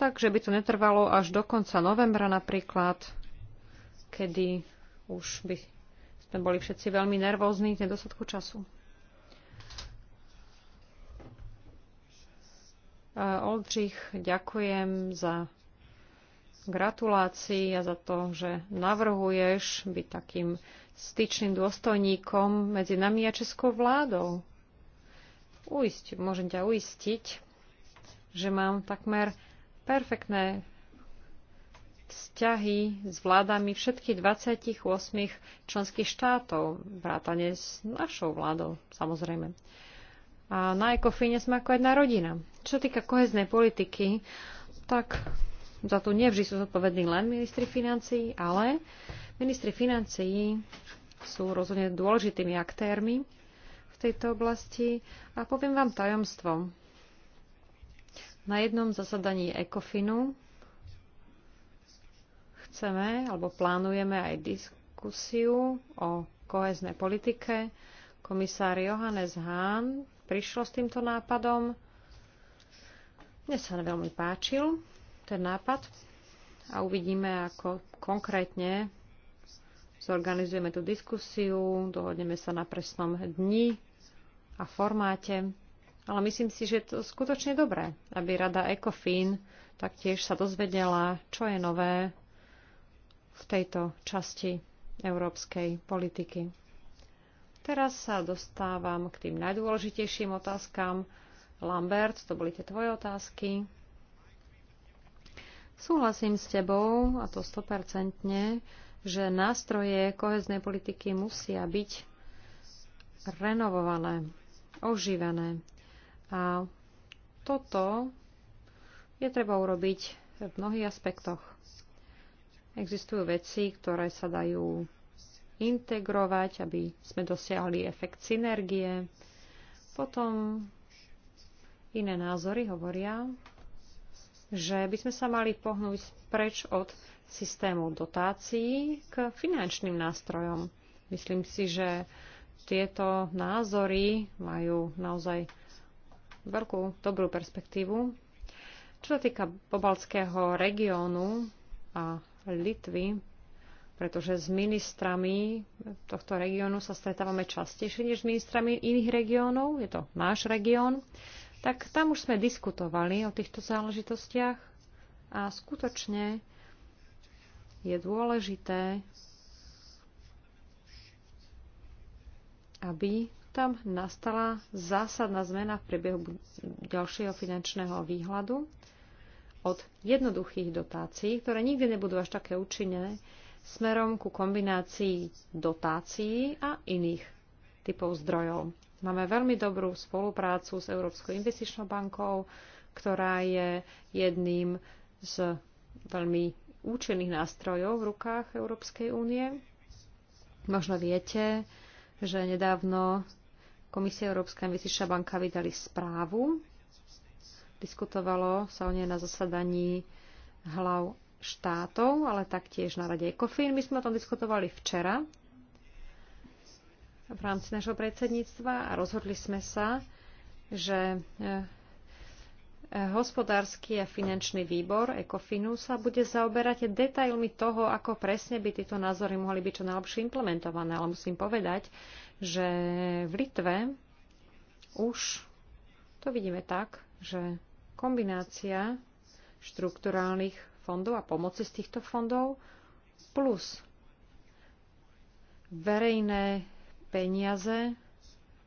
Takže by to netrvalo až do konca novembra napríklad, kedy už by sme boli všetci veľmi nervózni z nedostatku času. Oldřich, ďakujem za gratulácii a za to, že navrhuješ byť takým styčným dôstojníkom medzi nami a českou vládou. Uísť, môžem ťa uistiť, že mám takmer perfektné vzťahy s vládami všetkých 28 členských štátov, vrátane s našou vládou, samozrejme. A na ECOFINE sme ako jedna rodina. Čo týka koheznej politiky, tak za to nevždy sú zodpovední len ministri financií, ale ministri financií sú rozhodne dôležitými aktérmi v tejto oblasti. A poviem vám tajomstvom, na jednom zasadaní ECOFINu chceme alebo plánujeme aj diskusiu o koheznej politike. Komisár Johannes Hahn prišiel s týmto nápadom. Mne sa veľmi páčil ten nápad a uvidíme, ako konkrétne zorganizujeme tú diskusiu, dohodneme sa na presnom dni a formáte ale myslím si, že je to skutočne dobré, aby rada ECOFIN taktiež sa dozvedela, čo je nové v tejto časti európskej politiky. Teraz sa dostávam k tým najdôležitejším otázkam. Lambert, to boli tie tvoje otázky. Súhlasím s tebou, a to stopercentne, že nástroje koheznej politiky musia byť renovované, oživené. A toto je treba urobiť v mnohých aspektoch. Existujú veci, ktoré sa dajú integrovať, aby sme dosiahli efekt synergie. Potom iné názory hovoria, že by sme sa mali pohnúť preč od systému dotácií k finančným nástrojom. Myslím si, že tieto názory majú naozaj veľkú dobrú perspektívu. Čo sa týka pobalského regiónu a Litvy, pretože s ministrami tohto regiónu sa stretávame častejšie než s ministrami iných regiónov, je to náš región, tak tam už sme diskutovali o týchto záležitostiach a skutočne je dôležité, aby tam nastala zásadná zmena v priebehu ďalšieho finančného výhľadu od jednoduchých dotácií, ktoré nikdy nebudú až také účinné, smerom ku kombinácii dotácií a iných typov zdrojov. Máme veľmi dobrú spoluprácu s Európskou investičnou bankou, ktorá je jedným z veľmi účinných nástrojov v rukách Európskej únie. Možno viete, že nedávno Komisia Európska investičná banka vydali správu. Diskutovalo sa o nej na zasadaní hlav štátov, ale taktiež na rade ECOFIN. My sme o tom diskutovali včera v rámci našho predsedníctva a rozhodli sme sa, že e, e, hospodársky a finančný výbor ECOFINu sa bude zaoberať detailmi toho, ako presne by tieto názory mohli byť čo najlepšie implementované. Ale musím povedať, že v Litve už to vidíme tak, že kombinácia štrukturálnych fondov a pomoci z týchto fondov plus verejné peniaze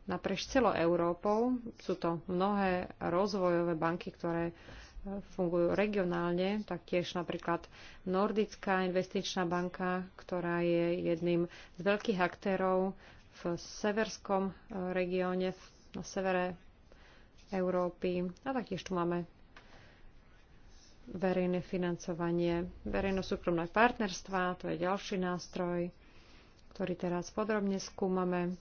naprieč celou Európou. Sú to mnohé rozvojové banky, ktoré e, fungujú regionálne, taktiež napríklad Nordická investičná banka, ktorá je jedným z veľkých aktérov v severskom e, regióne, na severe Európy. A taktiež tu máme verejné financovanie, verejno-súkromné partnerstva, to je ďalší nástroj, ktorý teraz podrobne skúmame.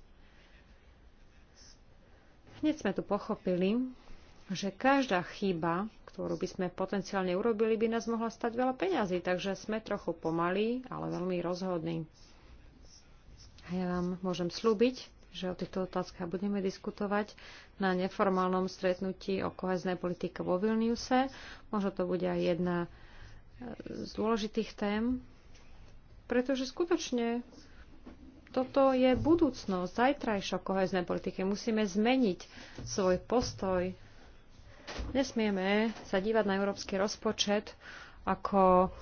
Hneď sme tu pochopili, že každá chyba, ktorú by sme potenciálne urobili, by nás mohla stať veľa peňazí, takže sme trochu pomalí, ale veľmi rozhodní. A ja vám môžem slúbiť, že o týchto otázkach budeme diskutovať na neformálnom stretnutí o koheznej politike vo Vilniuse. Možno to bude aj jedna e, z dôležitých tém, pretože skutočne toto je budúcnosť, zajtrajšok koheznej politike. Musíme zmeniť svoj postoj. Nesmieme sa dívať na európsky rozpočet ako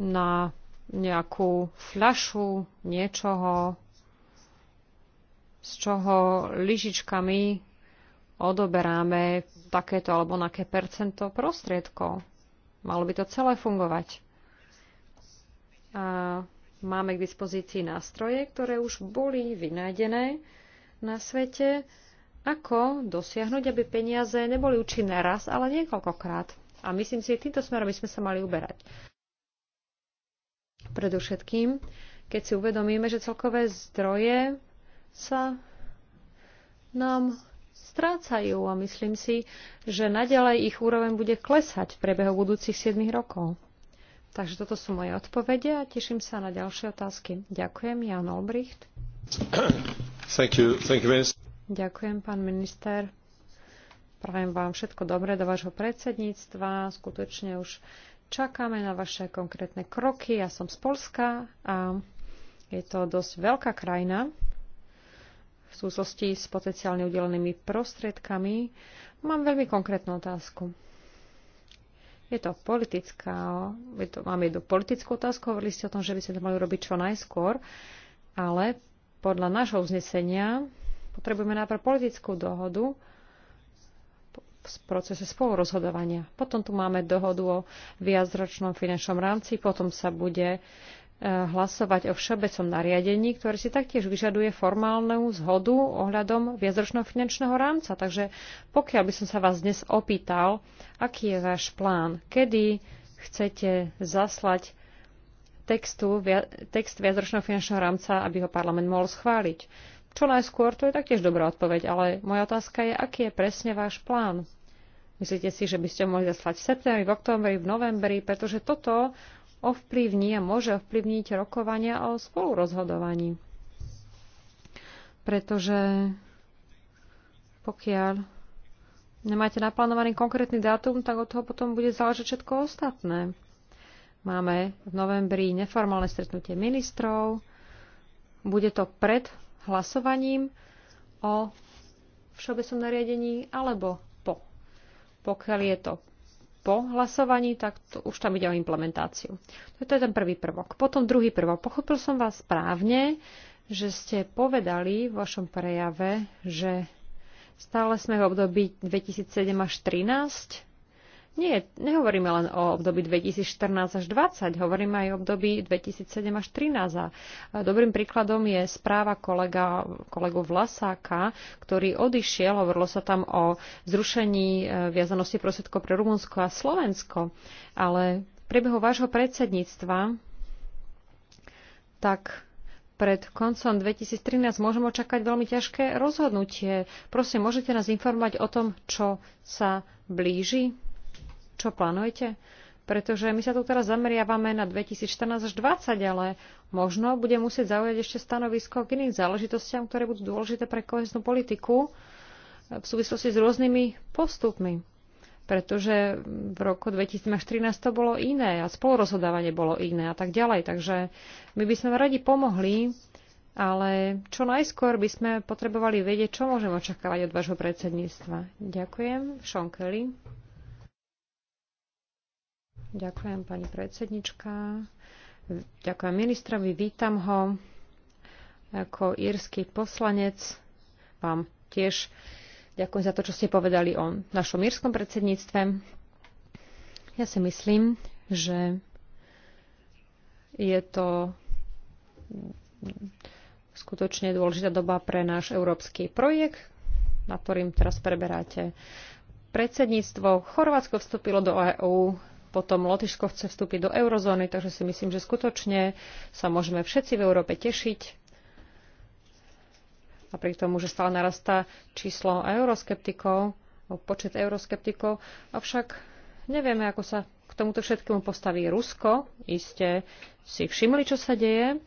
na nejakú fľašu niečoho, z čoho lyžičkami odoberáme takéto alebo naké percento prostriedkov. Malo by to celé fungovať. A máme k dispozícii nástroje, ktoré už boli vynájdené na svete, ako dosiahnuť, aby peniaze neboli účinné raz, ale niekoľkokrát. A myslím si, že týmto smerom by sme sa mali uberať. Predovšetkým, keď si uvedomíme, že celkové zdroje sa nám strácajú a myslím si, že naďalej ich úroveň bude klesať v priebehu budúcich 7 rokov. Takže toto sú moje odpovede a teším sa na ďalšie otázky. Ďakujem, Jan Olbricht. Thank you. Thank you, Ďakujem, pán minister. Prajem vám všetko dobré do vášho predsedníctva. Skutočne už čakáme na vaše konkrétne kroky. Ja som z Polska a je to dosť veľká krajina, v súvislosti s potenciálne udelenými prostriedkami. Mám veľmi konkrétnu otázku. Je to politická, je to, mám jednu politickú otázku, hovorili ste o tom, že by ste to mali robiť čo najskôr, ale podľa nášho uznesenia potrebujeme najprv politickú dohodu v procese spolurozhodovania. Potom tu máme dohodu o viacročnom finančnom rámci, potom sa bude hlasovať o všeobecnom nariadení, ktoré si taktiež vyžaduje formálnu zhodu ohľadom viacročného finančného rámca. Takže pokiaľ by som sa vás dnes opýtal, aký je váš plán, kedy chcete zaslať textu, via, text viacročného finančného rámca, aby ho parlament mohol schváliť. Čo najskôr, to je taktiež dobrá odpoveď, ale moja otázka je, aký je presne váš plán. Myslíte si, že by ste mohli zaslať v septembri, v októbri, v novembri, pretože toto ovplyvní a môže ovplyvniť rokovania o spolurozhodovaní. Pretože pokiaľ nemáte naplánovaný konkrétny dátum, tak od toho potom bude záležať všetko ostatné. Máme v novembri neformálne stretnutie ministrov. Bude to pred hlasovaním o všeobecnom nariadení alebo po. Pokiaľ je to po hlasovaní, tak to, už tam ide o implementáciu. To je ten prvý prvok. Potom druhý prvok. Pochopil som vás správne, že ste povedali v vašom prejave, že stále sme v období 2007 až 2013 nie, nehovoríme len o období 2014 až 2020, hovoríme aj o období 2007 až 2013. A dobrým príkladom je správa kolega, kolegu Vlasáka, ktorý odišiel, hovorilo sa tam o zrušení e, viazanosti prosvedkov pre Rumunsko a Slovensko, ale v priebehu vášho predsedníctva tak pred koncom 2013 môžeme očakať veľmi ťažké rozhodnutie. Prosím, môžete nás informovať o tom, čo sa blíži? čo plánujete? Pretože my sa tu teraz zameriavame na 2014 až 2020, ale možno bude musieť zaujať ešte stanovisko k iným záležitostiam, ktoré budú dôležité pre koheznú politiku v súvislosti s rôznymi postupmi. Pretože v roku 2013 to bolo iné a spolurozhodávanie bolo iné a tak ďalej. Takže my by sme radi pomohli ale čo najskôr by sme potrebovali vedieť, čo môžeme očakávať od vášho predsedníctva. Ďakujem. Sean Kelly. Ďakujem pani predsednička. Ďakujem ministrovi, vítam ho. Ako írsky poslanec vám tiež ďakujem za to, čo ste povedali o našom írskom predsedníctve. Ja si myslím, že je to skutočne dôležitá doba pre náš európsky projekt, na ktorým teraz preberáte predsedníctvo. Chorvátsko vstúpilo do EÚ potom Lotyšsko chce vstúpiť do eurozóny, takže si myslím, že skutočne sa môžeme všetci v Európe tešiť. A pri tomu, že stále narastá číslo euroskeptikov, počet euroskeptikov, avšak nevieme, ako sa k tomuto všetkému postaví Rusko. Iste si všimli, čo sa deje.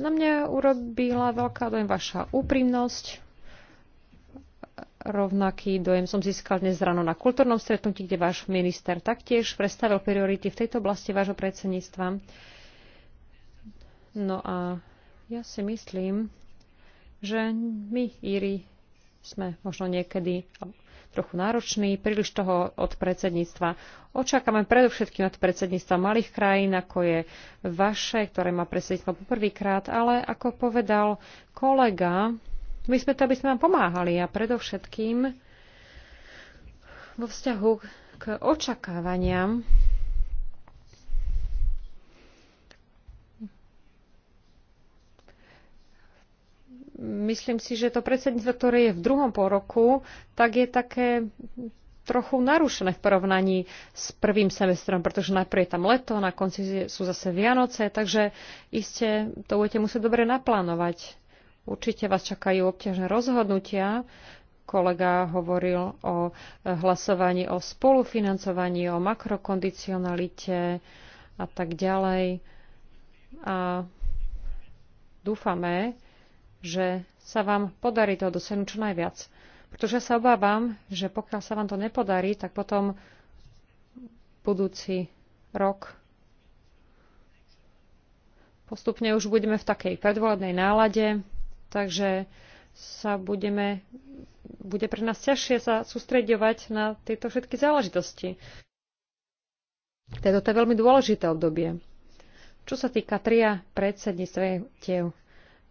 Na mňa urobila veľká dojem vaša úprimnosť, Rovnaký dojem som získal dnes ráno na kultúrnom stretnutí, kde váš minister taktiež predstavil priority v tejto oblasti vášho predsedníctva. No a ja si myslím, že my, Íri, sme možno niekedy trochu nároční, príliš toho od predsedníctva. Očakávame predovšetkým od predsedníctva malých krajín, ako je vaše, ktoré má predsedníctvo poprvýkrát, ale ako povedal kolega, my sme to, aby sme vám pomáhali a predovšetkým vo vzťahu k očakávaniam myslím si, že to predsedníctvo, ktoré je v druhom poroku, tak je také trochu narušené v porovnaní s prvým semestrom, pretože najprv je tam leto, na konci sú zase Vianoce, takže iste to budete musieť dobre naplánovať. Určite vás čakajú obťažné rozhodnutia. Kolega hovoril o e, hlasovaní o spolufinancovaní, o makrokondicionalite a tak ďalej. A dúfame, že sa vám podarí to dosiahnuť čo najviac. Pretože sa obávam, že pokiaľ sa vám to nepodarí, tak potom budúci rok postupne už budeme v takej predvolebnej nálade, Takže sa budeme, bude pre nás ťažšie sa sústreďovať na tieto všetky záležitosti. Teda to je veľmi dôležité obdobie. Čo sa týka tria predsedníctiev,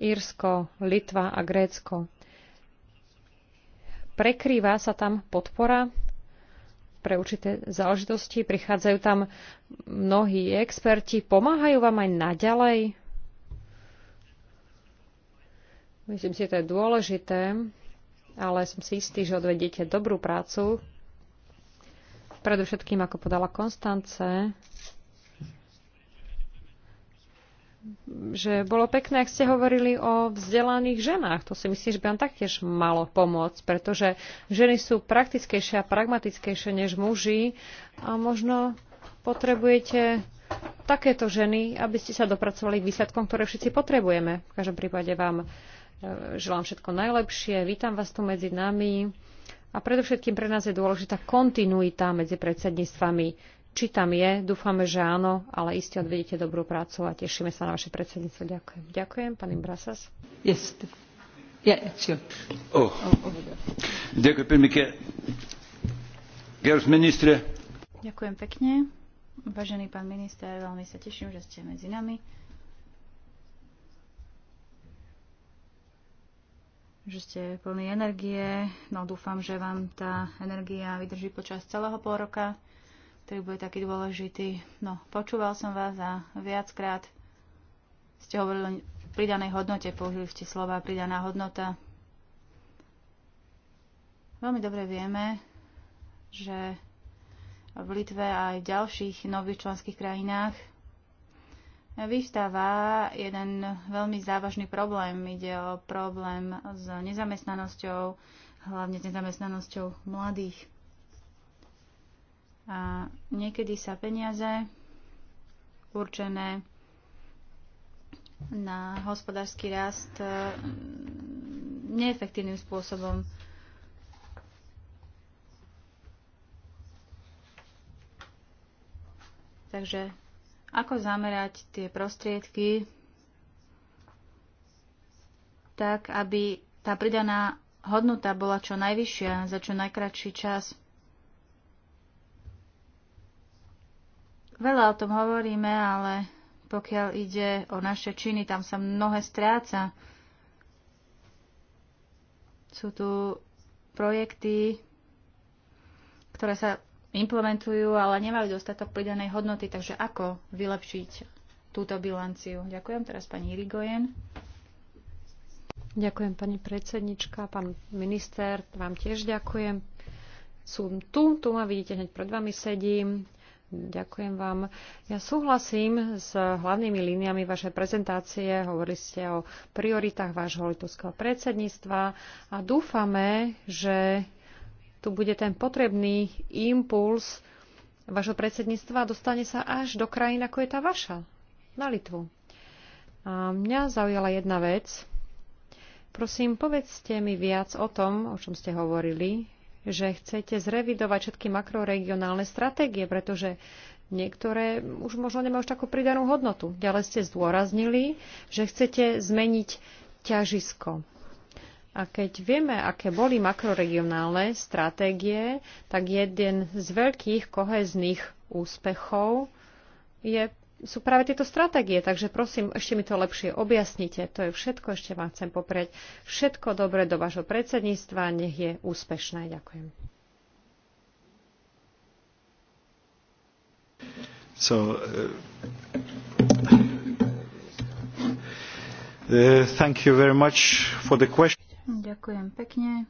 Írsko, Litva a Grécko, prekrýva sa tam podpora pre určité záležitosti, prichádzajú tam mnohí experti, pomáhajú vám aj naďalej Myslím si, že to je dôležité, ale som si istý, že odvediete dobrú prácu. Predovšetkým, ako podala Konstance, že bolo pekné, ak ste hovorili o vzdelaných ženách. To si myslím, že by vám taktiež malo pomôcť, pretože ženy sú praktickejšie a pragmatickejšie než muži a možno potrebujete takéto ženy, aby ste sa dopracovali k výsledkom, ktoré všetci potrebujeme. V každom prípade vám Želám všetko najlepšie. Vítam vás tu medzi nami. A predovšetkým pre nás je dôležitá kontinuita medzi predsedníctvami. Či tam je, dúfame, že áno, ale iste odvedete dobrú prácu a tešíme sa na vaše predsedníctvo. Ďakujem. Ďakujem, pán Imbrasas. Yes. Yeah, sure. oh. Oh, Ďakujem pekne. Ďakujem pekne. Vážený pán minister, veľmi sa teším, že ste medzi nami. že ste plní energie. No dúfam, že vám tá energia vydrží počas celého pol roka, ktorý bude taký dôležitý. No, počúval som vás a viackrát ste hovorili o pridanej hodnote, použili ste slova pridaná hodnota. Veľmi dobre vieme, že v Litve a aj v ďalších nových členských krajinách vystáva jeden veľmi závažný problém. Ide o problém s nezamestnanosťou, hlavne s nezamestnanosťou mladých. A niekedy sa peniaze určené na hospodársky rast e, neefektívnym spôsobom Takže ako zamerať tie prostriedky tak, aby tá pridaná hodnota bola čo najvyššia za čo najkratší čas. Veľa o tom hovoríme, ale pokiaľ ide o naše činy, tam sa mnohé stráca. Sú tu projekty, ktoré sa implementujú, ale nemajú dostatok pridanej hodnoty, takže ako vylepšiť túto bilanciu? Ďakujem teraz pani Irigojen. Ďakujem pani predsednička, pán minister, vám tiež ďakujem. Som tu, tu ma vidíte, hneď pred vami sedím. Ďakujem vám. Ja súhlasím s hlavnými líniami vašej prezentácie. Hovorili ste o prioritách vášho litovského predsedníctva a dúfame, že tu bude ten potrebný impuls vašho predsedníctva a dostane sa až do krajín, ako je tá vaša, na Litvu. A mňa zaujala jedna vec. Prosím, povedzte mi viac o tom, o čom ste hovorili, že chcete zrevidovať všetky makroregionálne stratégie, pretože niektoré už možno nemajú už takú pridanú hodnotu. Ďalej ste zdôraznili, že chcete zmeniť ťažisko a keď vieme, aké boli makroregionálne stratégie, tak jeden z veľkých kohezných úspechov je, sú práve tieto stratégie. Takže prosím, ešte mi to lepšie objasnite. To je všetko, ešte vám chcem poprieť. Všetko dobre do vášho predsedníctva, nech je úspešné. Ďakujem. So, uh, uh, thank you very much for the question. Ďakujem pekne.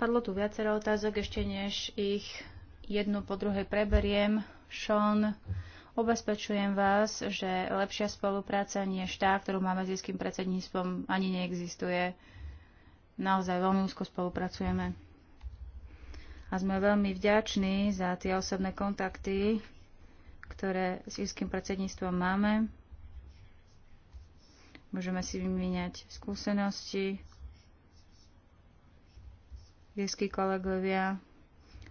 Padlo tu viacero otázok, ešte než ich jednu po druhej preberiem. Sean, Ubezpečujem vás, že lepšia spolupráca než tá, ktorú máme s íským predsedníctvom, ani neexistuje. Naozaj veľmi úzko spolupracujeme. A sme veľmi vďační za tie osobné kontakty, ktoré s írským predsedníctvom máme. Môžeme si vymieňať skúsenosti. Írsky kolegovia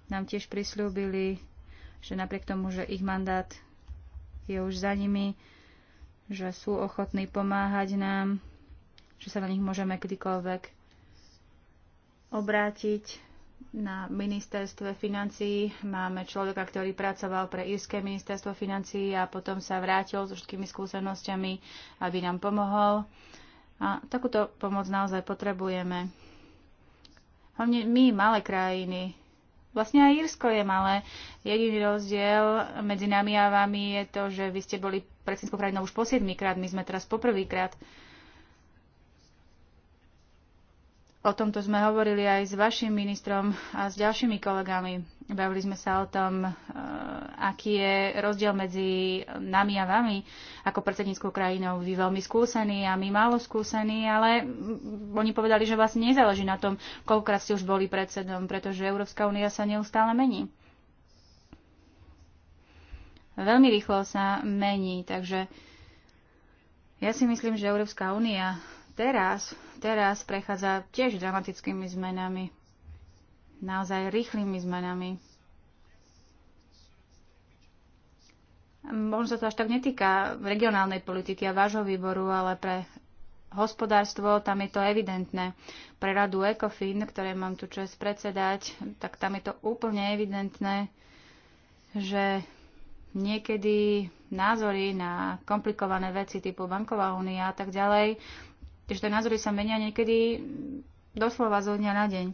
nám tiež prislúbili, že napriek tomu, že ich mandát je už za nimi, že sú ochotní pomáhať nám, že sa na nich môžeme kedykoľvek obrátiť na ministerstve financií. Máme človeka, ktorý pracoval pre Írske ministerstvo financií a potom sa vrátil so všetkými skúsenosťami, aby nám pomohol. A takúto pomoc naozaj potrebujeme. Hlavne my, malé krajiny. Vlastne aj Írsko je malé. Jediný rozdiel medzi nami a vami je to, že vy ste boli predsedníckou krajinou už po 7 krát, my sme teraz poprvýkrát. krát O tomto sme hovorili aj s vašim ministrom a s ďalšími kolegami. Bavili sme sa o tom, e, aký je rozdiel medzi nami a vami ako predsedníckou krajinou. Vy veľmi skúsení a my málo skúsení, ale oni povedali, že vlastne nezáleží na tom, koľkokrát ste už boli predsedom, pretože Európska únia sa neustále mení. Veľmi rýchlo sa mení, takže ja si myslím, že Európska únia teraz teraz prechádza tiež dramatickými zmenami, naozaj rýchlymi zmenami. Možno sa to až tak netýka regionálnej politiky a vášho výboru, ale pre hospodárstvo, tam je to evidentné. Pre radu ECOFIN, ktoré mám tu čas predsedať, tak tam je to úplne evidentné, že niekedy názory na komplikované veci typu banková únia a tak ďalej Čiže tie názory sa menia niekedy doslova zo dňa na deň.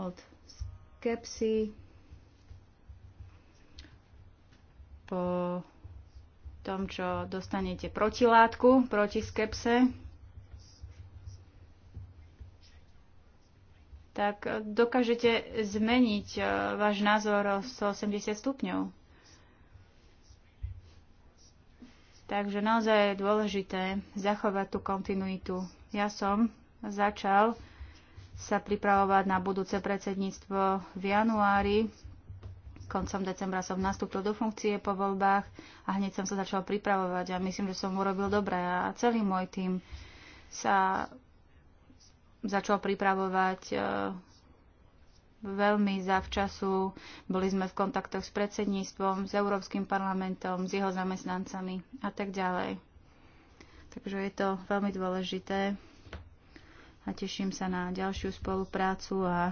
Od skepsy po tom, čo dostanete protilátku proti skepse, tak dokážete zmeniť eh, váš názor o 180 stupňov. Takže naozaj je dôležité zachovať tú kontinuitu. Ja som začal sa pripravovať na budúce predsedníctvo v januári. Koncom decembra som nastúpil do funkcie po voľbách a hneď som sa začal pripravovať a myslím, že som urobil dobre. A celý môj tým sa začal pripravovať e, veľmi zavčasu. Boli sme v kontaktoch s predsedníctvom, s Európskym parlamentom, s jeho zamestnancami a tak ďalej. Takže je to veľmi dôležité a teším sa na ďalšiu spoluprácu a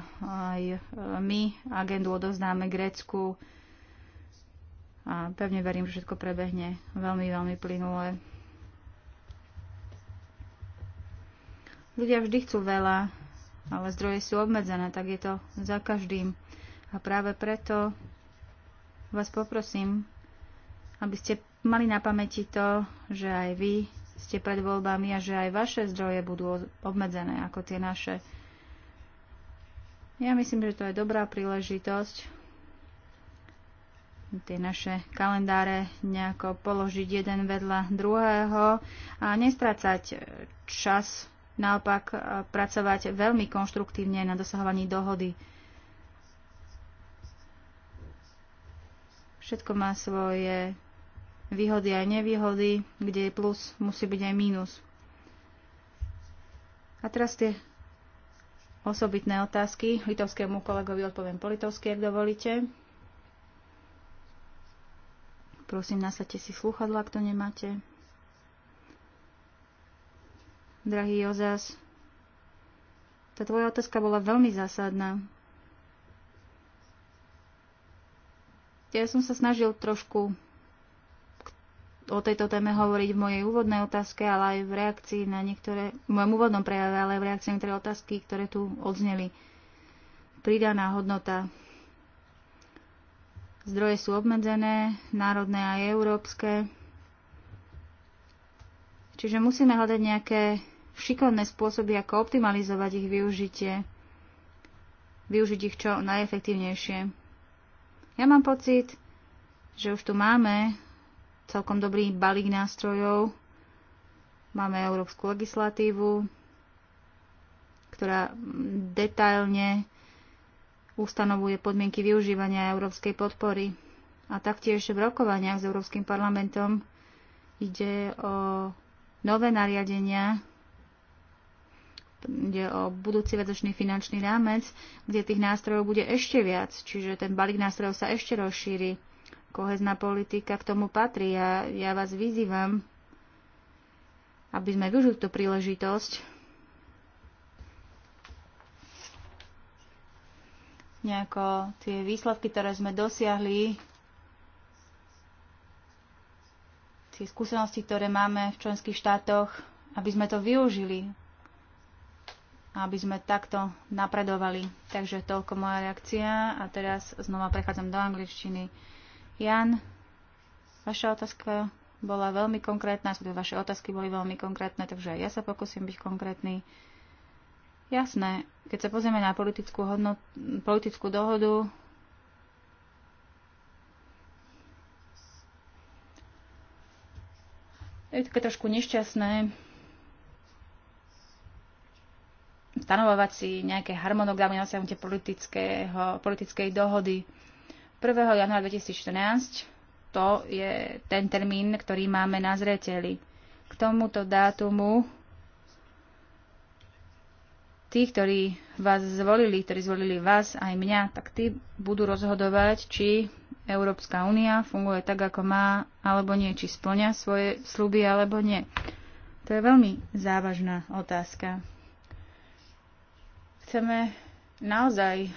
aj e, my agendu odoznáme Grécku a pevne verím, že všetko prebehne veľmi, veľmi plynule. Ľudia vždy chcú veľa, ale zdroje sú obmedzené, tak je to za každým. A práve preto vás poprosím, aby ste mali na pamäti to, že aj vy ste pred voľbami a že aj vaše zdroje budú obmedzené ako tie naše. Ja myslím, že to je dobrá príležitosť tie naše kalendáre nejako položiť jeden vedľa druhého a nestrácať čas naopak e, pracovať veľmi konštruktívne na dosahovaní dohody. Všetko má svoje výhody aj nevýhody, kde je plus, musí byť aj mínus. A teraz tie osobitné otázky. Litovskému kolegovi odpoviem po litovsky, ak dovolíte. Prosím, nasadte si sluchadla, ak to nemáte drahý Jozas. Tá tvoja otázka bola veľmi zásadná. Ja som sa snažil trošku o tejto téme hovoriť v mojej úvodnej otázke, ale aj v reakcii na niektoré, v mojom úvodnom prejave, ale aj v reakcii na niektoré otázky, ktoré tu odzneli. Pridaná hodnota. Zdroje sú obmedzené, národné aj európske. Čiže musíme hľadať nejaké šikovné spôsoby, ako optimalizovať ich využitie, využiť ich čo najefektívnejšie. Ja mám pocit, že už tu máme celkom dobrý balík nástrojov, máme európsku legislatívu, ktorá detailne ustanovuje podmienky využívania európskej podpory. A taktiež v rokovaniach s Európskym parlamentom ide o nové nariadenia, ide o budúci vedočný finančný rámec, kde tých nástrojov bude ešte viac, čiže ten balík nástrojov sa ešte rozšíri. Kohezná politika k tomu patrí a ja vás vyzývam, aby sme využili tú príležitosť nejako tie výsledky, ktoré sme dosiahli, tie skúsenosti, ktoré máme v členských štátoch, aby sme to využili aby sme takto napredovali. Takže toľko moja reakcia a teraz znova prechádzam do angličtiny. Jan, vaša otázka bola veľmi konkrétna, sú vaše otázky boli veľmi konkrétne, takže ja sa pokúsim byť konkrétny. Jasné, keď sa pozrieme na politickú, hodnot, politickú dohodu, je to také trošku nešťastné, stanovovať si nejaké harmonogramy na dosiahnutie politickej dohody. 1. januára 2014 to je ten termín, ktorý máme na zreteli. K tomuto dátumu tí, ktorí vás zvolili, ktorí zvolili vás aj mňa, tak tí budú rozhodovať, či Európska únia funguje tak, ako má, alebo nie, či splňa svoje sluby, alebo nie. To je veľmi závažná otázka. Chceme naozaj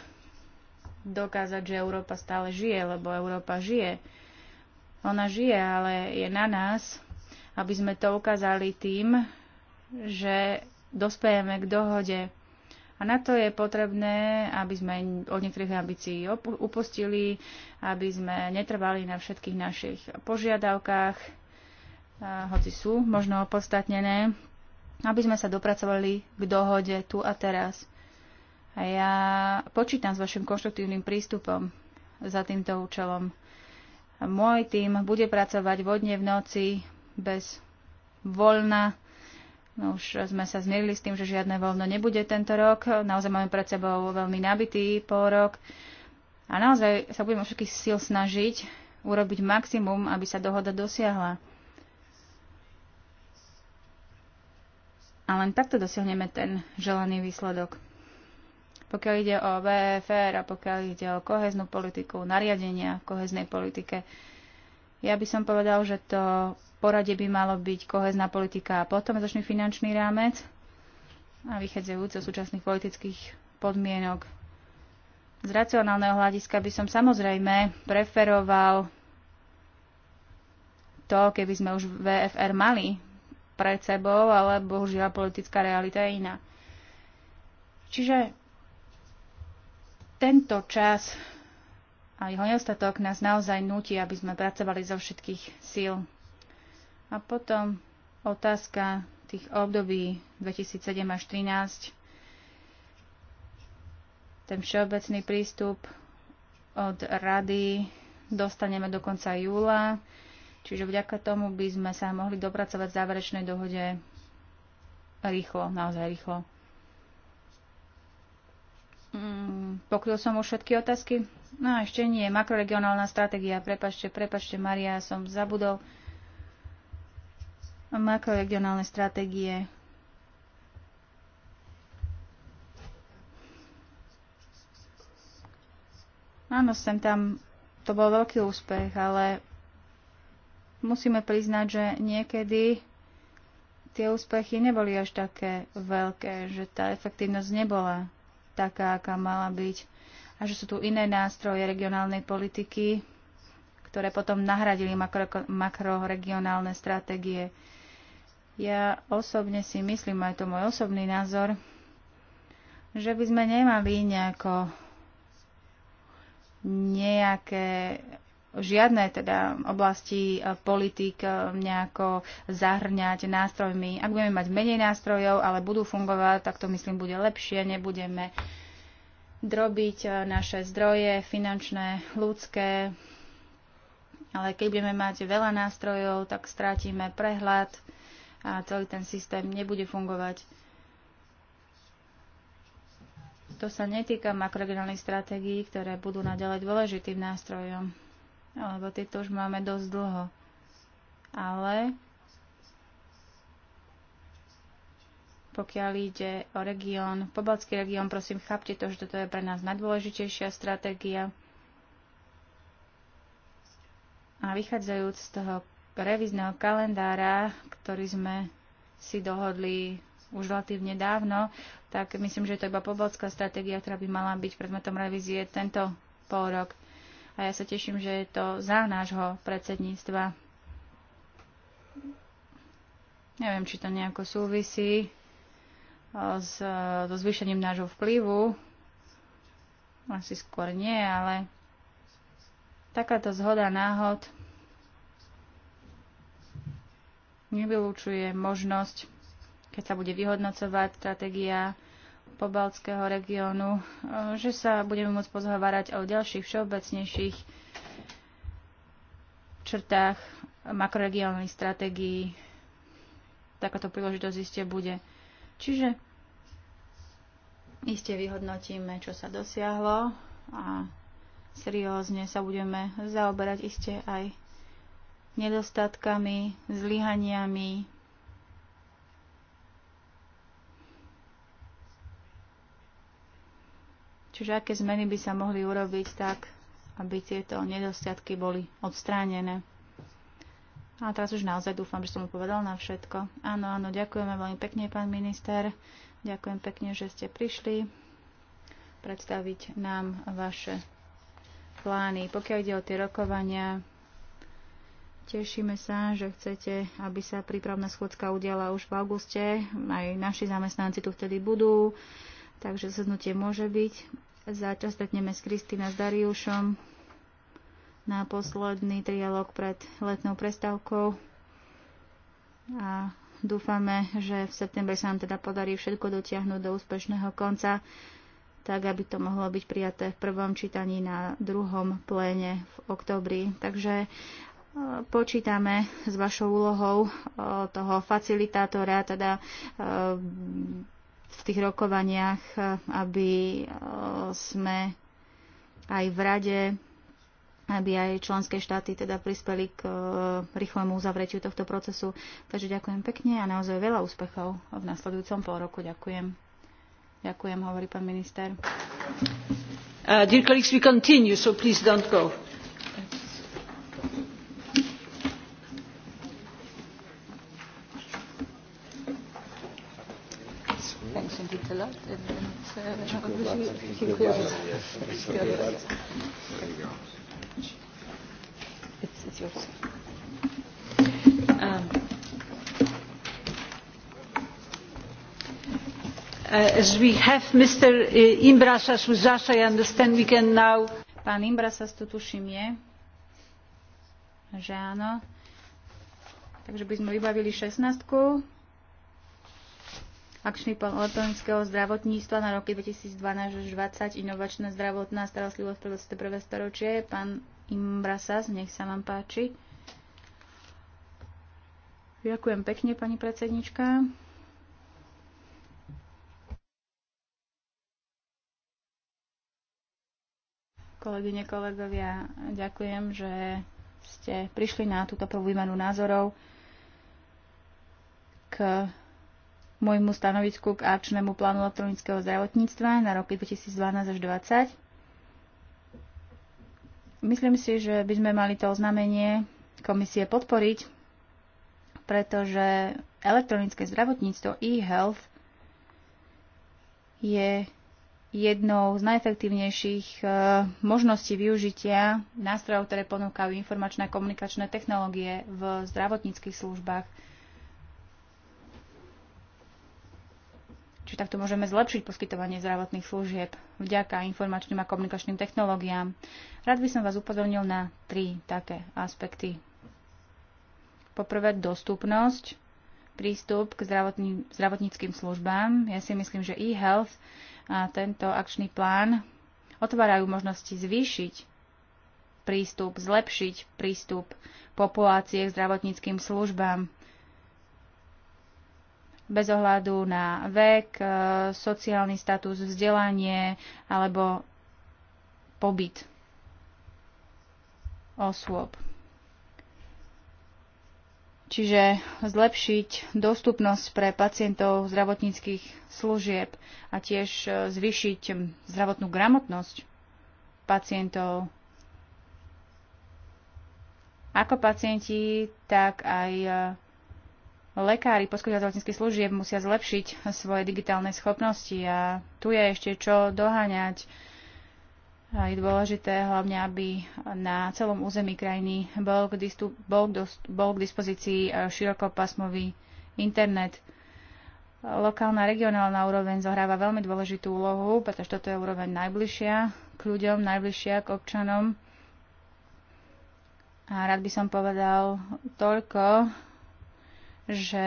dokázať, že Európa stále žije, lebo Európa žije. Ona žije, ale je na nás, aby sme to ukázali tým, že dospejeme k dohode. A na to je potrebné, aby sme od niektorých ambícií upustili, aby sme netrvali na všetkých našich požiadavkách, hoci sú možno opodstatnené, aby sme sa dopracovali k dohode tu a teraz. A ja počítam s vašim konštruktívnym prístupom za týmto účelom. Môj tým bude pracovať vodne v noci bez voľna. No už sme sa zmierili s tým, že žiadne voľno nebude tento rok. Naozaj máme pred sebou veľmi nabitý pôrok. A naozaj sa budeme všetkých síl snažiť urobiť maximum, aby sa dohoda dosiahla. A len takto dosiahneme ten želaný výsledok pokiaľ ide o VFR a pokiaľ ide o koheznú politiku, nariadenia v koheznej politike. Ja by som povedal, že to poradie by malo byť kohezná politika a potom začne finančný rámec a vychádzajúce zo súčasných politických podmienok. Z racionálneho hľadiska by som samozrejme preferoval to, keby sme už VFR mali pred sebou, ale bohužiaľ politická realita je iná. Čiže tento čas a jeho nedostatok nás naozaj nutí, aby sme pracovali zo všetkých síl. A potom otázka tých období 2007 až 2013. Ten všeobecný prístup od rady dostaneme do konca júla, čiže vďaka tomu by sme sa mohli dopracovať v záverečnej dohode rýchlo, naozaj rýchlo. Mm, Pokryl som už všetky otázky? No ešte nie. Makroregionálna stratégia. Prepačte, prepačte, Maria, som zabudol. Makroregionálne stratégie. Áno, sem tam to bol veľký úspech, ale musíme priznať, že niekedy tie úspechy neboli až také veľké, že tá efektívnosť nebola taká, aká mala byť a že sú tu iné nástroje regionálnej politiky, ktoré potom nahradili makro, makroregionálne stratégie. Ja osobne si myslím, aj to môj osobný názor, že by sme nemali nejako nejaké žiadne teda oblasti e, politik e, nejako zahrňať nástrojmi. Ak budeme mať menej nástrojov, ale budú fungovať, tak to myslím bude lepšie, nebudeme drobiť e, naše zdroje finančné, ľudské. Ale keď budeme mať veľa nástrojov, tak strátime prehľad a celý ten systém nebude fungovať. To sa netýka makroregionálnych stratégií, ktoré budú naďalej dôležitým nástrojom. Alebo tieto už máme dosť dlho. Ale pokiaľ ide o región, pobalský región, prosím, chápte to, že toto je pre nás najdôležitejšia stratégia. A vychádzajúc z toho revízneho kalendára, ktorý sme si dohodli už relatívne dávno, tak myslím, že to je iba pobalská stratégia, ktorá by mala byť predmetom revízie tento pol rok a ja sa teším, že je to za nášho predsedníctva. Neviem, či to nejako súvisí eh, s, eh, so zvýšením nášho vplyvu. Asi skôr nie, ale takáto zhoda náhod nevylučuje možnosť, keď sa bude vyhodnocovať stratégia pobaltského regiónu, e, že sa budeme môcť pozhovárať o ďalších všeobecnejších črtách makroregionálnych stratégií. Takáto príležitosť iste bude. Čiže iste vyhodnotíme, čo sa dosiahlo a seriózne sa budeme zaoberať iste aj nedostatkami, zlyhaniami, Čiže aké zmeny by sa mohli urobiť tak, aby tieto nedostatky boli odstránené. A teraz už naozaj dúfam, že som mu povedal na všetko. Áno, áno, ďakujeme veľmi pekne, pán minister. Ďakujem pekne, že ste prišli predstaviť nám vaše plány. Pokiaľ ide o tie rokovania, tešíme sa, že chcete, aby sa prípravná schôdzka udiala už v auguste. Aj naši zamestnanci tu vtedy budú, takže zhodnutie môže byť. Začas stretneme s Kristina s Dariušom na posledný trialog pred letnou prestávkou a dúfame, že v septembri sa nám teda podarí všetko dotiahnuť do úspešného konca, tak aby to mohlo byť prijaté v prvom čítaní na druhom pléne v oktobri. Takže e, počítame s vašou úlohou e, toho facilitátora, teda e, v tých rokovaniach, eh, aby eh, sme aj v rade, aby aj členské štáty teda prispeli k eh, rýchlemu uzavretiu tohto procesu. Takže ďakujem pekne a naozaj veľa úspechov v nasledujúcom pol roku. Ďakujem. Ďakujem, hovorí pán minister. Uh, dear colleagues, we continue, so please don't go. It's, it's yours. Um, uh, as we have Mr. Uh, Imbrasas with us, I understand we can now... Pán Imbrasas tu tuším je. Že áno. Takže by sme vybavili 16 akčný plán elektronického zdravotníctva na roky 2012 až 2020, inovačná zdravotná starostlivosť pre 21. storočie. Pán Imbrasas, nech sa vám páči. Ďakujem pekne, pani predsednička. Kolegyne, kolegovia, ďakujem, že ste prišli na túto prvú výmenu názorov k môjmu stanovisku k akčnému plánu elektronického zdravotníctva na roky 2012 až 2020. Myslím si, že by sme mali to oznámenie komisie podporiť, pretože elektronické zdravotníctvo e-health je jednou z najefektívnejších e, možností využitia nástrojov, ktoré ponúkajú informačné a komunikačné technológie v zdravotníckých službách Čiže takto môžeme zlepšiť poskytovanie zdravotných služieb vďaka informačným a komunikačným technológiám. Rád by som vás upozornil na tri také aspekty. Poprvé dostupnosť, prístup k zdravotníckým službám. Ja si myslím, že e-health a tento akčný plán otvárajú možnosti zvýšiť prístup, zlepšiť prístup populácie k zdravotníckým službám bez ohľadu na vek, e, sociálny status, vzdelanie alebo pobyt osôb. Čiže zlepšiť dostupnosť pre pacientov zdravotníckých služieb a tiež e, zvýšiť zdravotnú gramotnosť pacientov. Ako pacienti, tak aj e, lekári poskytovateľských služieb musia zlepšiť svoje digitálne schopnosti a tu je ešte čo doháňať. A je dôležité hlavne, aby na celom území krajiny bol k, distu, bol, k bol k dispozícii e, širokopásmový internet. Lokálna regionálna úroveň zohráva veľmi dôležitú úlohu, pretože toto je úroveň najbližšia k ľuďom, najbližšia k občanom. A rád by som povedal toľko, že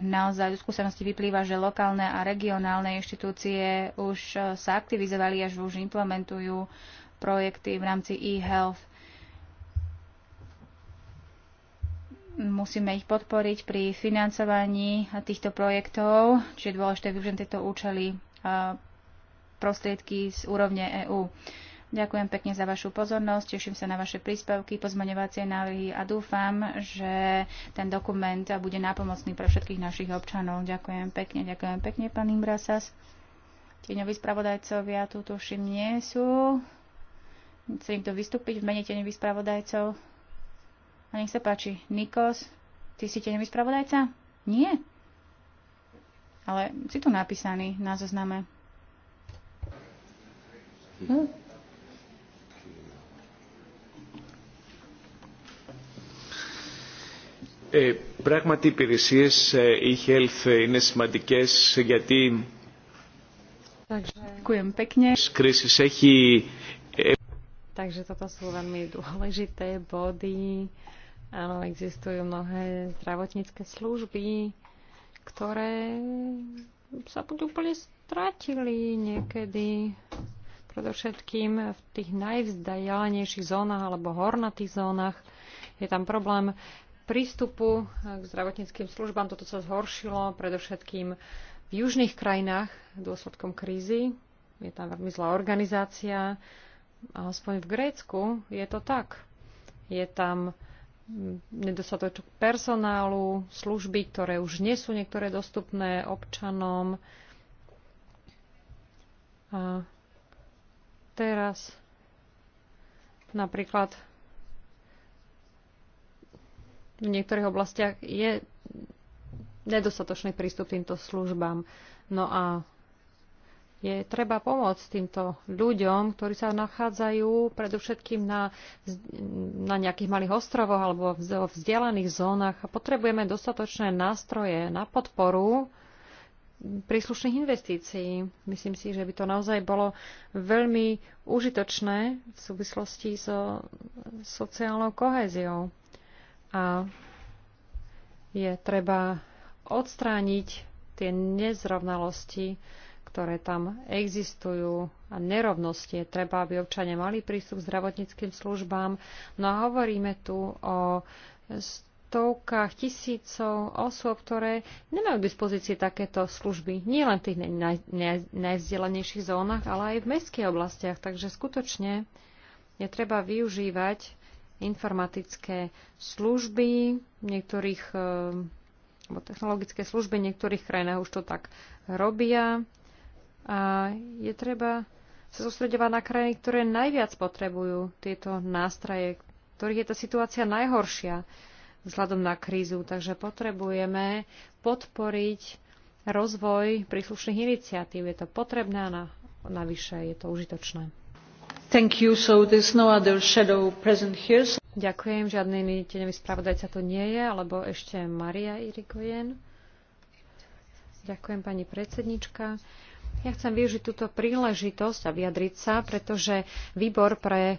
naozaj do skúsenosti vyplýva, že lokálne a regionálne inštitúcie už e, sa aktivizovali, až už implementujú projekty v rámci e-health. Musíme ich podporiť pri financovaní týchto projektov, čiže je dôležité využiť tieto účely e, prostriedky z úrovne EÚ. EU. Ďakujem pekne za vašu pozornosť, teším sa na vaše príspevky, pozmaňovacie návrhy a dúfam, že ten dokument bude nápomocný pre všetkých našich občanov. Ďakujem pekne, ďakujem pekne, pán Imbrasas. Tieňoví spravodajcovia tu tuším nie sú. Chce niekto vystúpiť v mene tieňových spravodajcov? A nech sa páči, Nikos, ty si tieňový spravodajca? Nie. Ale si tu napísaný na zozname. Hm. Ε, πράγματι οι υπηρεσίες e-health είναι σημαντικές γιατί z krízy έχει... Takže toto sú veľmi dôležité body. Áno, existujú mnohé zdravotnícke služby, ktoré sa budú úplne stratili niekedy. Predovšetkým v tých najvzdialenejších zónach alebo hornatých zónach je tam problém prístupu eh, k zdravotníckým službám. Toto sa zhoršilo predovšetkým v južných krajinách dôsledkom krízy. Je tam veľmi zlá organizácia. A aspoň v Grécku je to tak. Je tam mm, nedostatok personálu, služby, ktoré už nie sú niektoré dostupné občanom. A teraz napríklad v niektorých oblastiach je nedostatočný prístup týmto službám. No a je treba pomôcť týmto ľuďom, ktorí sa nachádzajú predovšetkým na, na nejakých malých ostrovoch alebo vo vzdialených zónach. A potrebujeme dostatočné nástroje na podporu príslušných investícií. Myslím si, že by to naozaj bolo veľmi užitočné v súvislosti so sociálnou kohéziou a je treba odstrániť tie nezrovnalosti, ktoré tam existujú a nerovnosti. Je treba, aby občania mali prístup k zdravotníckým službám. No a hovoríme tu o stovkách, tisícov osôb, ktoré nemajú k dispozícii takéto služby. Nie len v tých najvzdelenejších najvzdelanejších zónach, ale aj v mestských oblastiach. Takže skutočne je treba využívať informatické služby niektorých eh, alebo technologické služby v niektorých krajinách už to tak robia. A je treba sa sústredovať na krajiny, ktoré najviac potrebujú tieto nástroje, ktorých je tá situácia najhoršia vzhľadom na krízu. Takže potrebujeme podporiť rozvoj príslušných iniciatív. Je to potrebné a navyše je to užitočné. No Ďakujem, žiadny tenevý spravodajca tu nie je, alebo ešte Maria Irigoyen. Ďakujem, pani predsednička. Ja chcem využiť túto príležitosť a vyjadriť sa, pretože výbor pre e,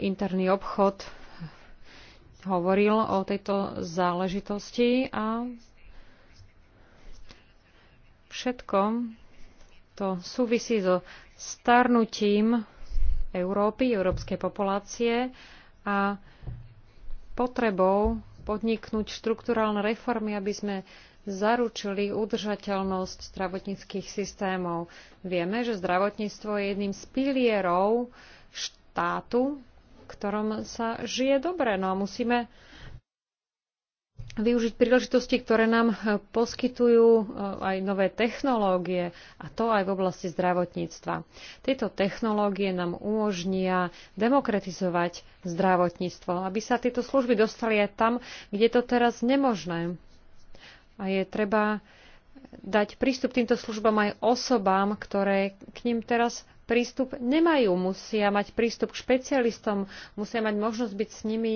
interný obchod hovoril o tejto záležitosti a všetko to súvisí so starnutím Európy, európskej populácie a potrebou podniknúť štrukturálne reformy, aby sme zaručili udržateľnosť zdravotníckých systémov. Vieme, že zdravotníctvo je jedným z pilierov štátu, ktorom sa žije dobre. No a musíme využiť príležitosti, ktoré nám eh, poskytujú eh, aj nové technológie, a to aj v oblasti zdravotníctva. Tieto technológie nám umožnia demokratizovať zdravotníctvo, aby sa tieto služby dostali aj tam, kde je to teraz nemožné. A je treba dať prístup týmto službám aj osobám, ktoré k ním teraz prístup nemajú. Musia mať prístup k špecialistom, musia mať možnosť byť s nimi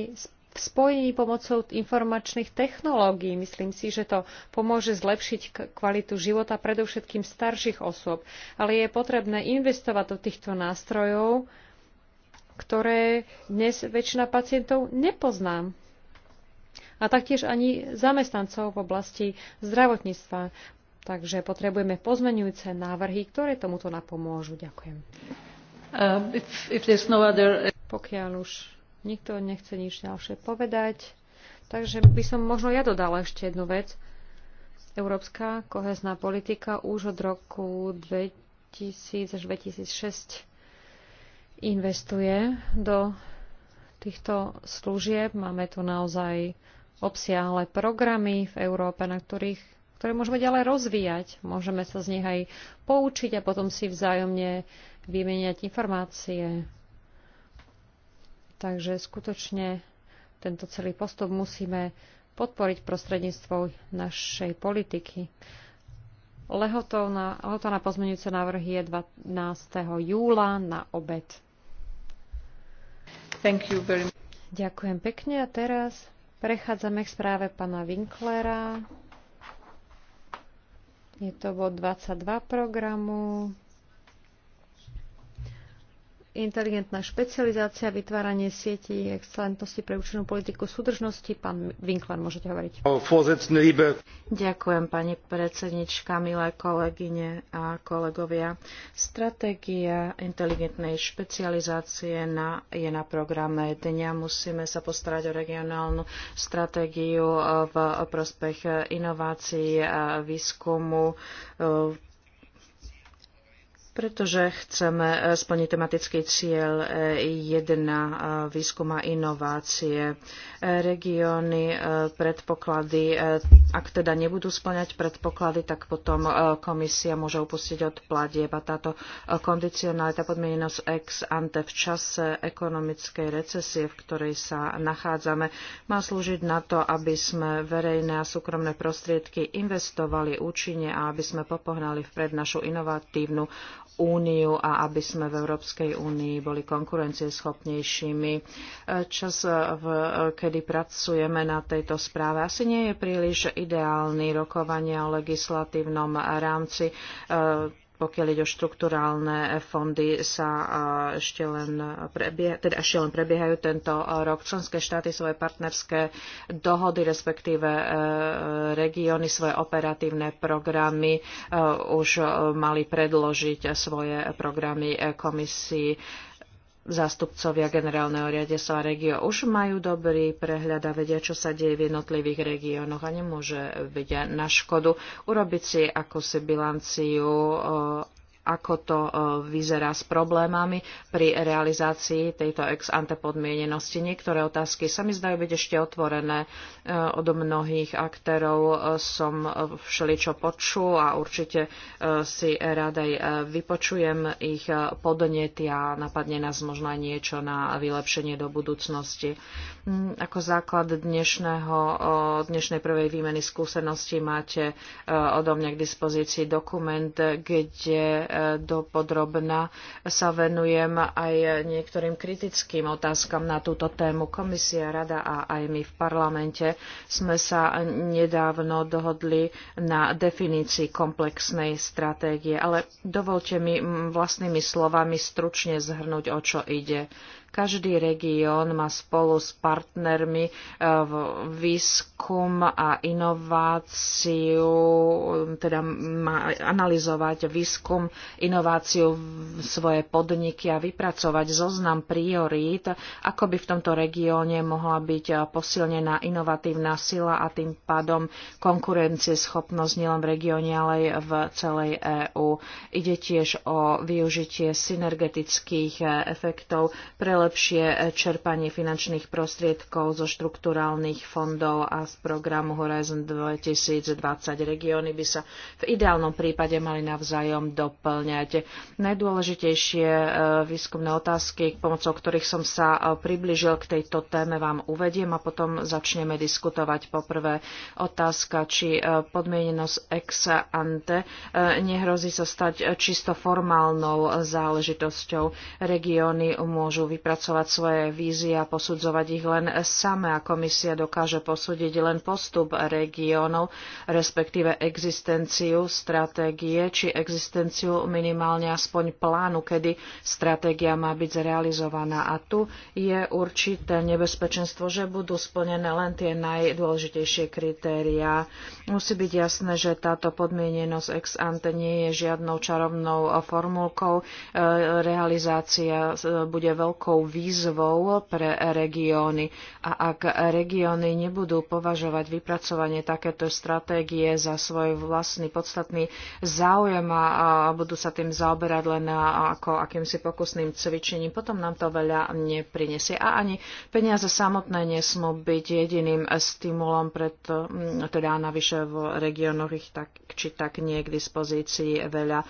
v spojení pomocou informačných technológií. Myslím si, že to pomôže zlepšiť kvalitu života predovšetkým starších osôb. Ale je potrebné investovať do týchto nástrojov, ktoré dnes väčšina pacientov nepozná a taktiež ani zamestnancov v oblasti zdravotníctva. Takže potrebujeme pozmenujúce návrhy, ktoré tomuto napomôžu. Ďakujem. Uh, if, if no other... Pokiaľ už Nikto nechce nič ďalšie povedať. Takže by som možno ja dodala ešte jednu vec. Európska kohezná politika už od roku 2000 až 2006 investuje do týchto služieb. Máme tu naozaj obsiahle programy v Európe, na ktorých, ktoré môžeme ďalej rozvíjať. Môžeme sa z nich aj poučiť a potom si vzájomne vymeniať informácie. Takže skutočne tento celý postup musíme podporiť prostredníctvom našej politiky. Lehota na, na pozmenujúce návrhy je 12. júla na obed. Thank you very much. Ďakujem pekne a teraz prechádzame k správe pana Winklera. Je to bod 22 programu inteligentná špecializácia, vytváranie sietí excelentnosti pre účinnú politiku súdržnosti. Pán Winkler, môžete hovoriť. Ďakujem, pani predsednička, milé kolegyne a kolegovia. Stratégia inteligentnej špecializácie na, je na programe dňa. Musíme sa postarať o regionálnu stratégiu e, v prospech inovácií a výskumu e, pretože chceme e, splniť tematický cieľ 1 e, e, výskuma inovácie. Regióny predpoklady, ak teda nebudú splňať predpoklady, tak potom komisia môže upustiť od platieb a táto kondicionálita podmienenosť ex ante v čase ekonomickej recesie, v ktorej sa nachádzame, má slúžiť na to, aby sme verejné a súkromné prostriedky investovali účinne a aby sme popohnali vpred našu inovatívnu úniu a aby sme v Európskej únii boli konkurencieschopnejšími. E, Čas, e, v e, kedy pracujeme na tejto správe, asi nie je príliš ideálny rokovania o legislatívnom rámci pokiaľ ide o štrukturálne fondy, sa ešte len, prebie, teda ešte len prebiehajú tento rok. Členské štáty svoje partnerské dohody, respektíve e, regióny, svoje operatívne programy e, už e, mali predložiť svoje programy komisii Zástupcovia generálneho riade sa regio už majú dobrý prehľad a vedia, čo sa deje v jednotlivých regiónoch a nemôže byť na škodu urobiť si akúsi bilanciu ako to e, vyzerá s problémami pri realizácii tejto ex ante podmienenosti. Niektoré otázky sa mi zdajú byť ešte otvorené. E, od mnohých aktérov e, som všeličo počul a určite si rádej vypočujem ich podnety a napadne nás možno aj niečo na vylepšenie do budúcnosti. Mm, ako základ dnešného, dnešnej prvej výmeny skúseností máte odo mňa k dispozícii dokument, kde dopodrobná sa venujem aj niektorým kritickým otázkam na túto tému. Komisia, Rada a aj my v parlamente sme sa nedávno dohodli na definícii komplexnej stratégie, ale dovolte mi vlastnými slovami stručne zhrnúť, o čo ide. Každý región má spolu s partnermi e, výskum a inováciu, teda má analyzovať výskum, inováciu svoje podniky a vypracovať zoznam priorít, ako by v tomto regióne mohla byť posilnená inovatívna sila a tým pádom konkurencieschopnosť nielen v regióne, ale aj v celej EÚ. Ide tiež o využitie synergetických efektov pre lepšie čerpanie finančných prostriedkov zo štrukturálnych fondov a z programu Horizon 2020. Regióny by sa v ideálnom prípade mali navzájom doplňať. Najdôležitejšie e, výskumné otázky, pomocou ktorých som sa e, približil k tejto téme, vám uvediem a potom začneme diskutovať. Poprvé otázka, či e, podmienenosť ex ante nehrozí sa stať čisto formálnou záležitosťou. Regióny môžu vypracovať vypracovať svoje vízie a posudzovať ich len same a komisia dokáže posúdiť len postup regiónov, respektíve existenciu stratégie či existenciu minimálne aspoň plánu, kedy stratégia má byť zrealizovaná. A tu je určité nebezpečenstvo, že budú splnené len tie najdôležitejšie kritériá. Musí byť jasné, že táto podmienenosť ex ante nie je žiadnou čarovnou formulkou. E, realizácia e, bude veľkou veľkou výzvou pre regióny. A ak regióny nebudú považovať vypracovanie takéto stratégie za svoj vlastný podstatný záujem a budú sa tým zaoberať len ako akýmsi pokusným cvičením, potom nám to veľa neprinesie. A ani peniaze samotné nesmú byť jediným stimulom, preto, mm, teda navyše v regiónoch ich tak či tak nie je k dispozícii veľa.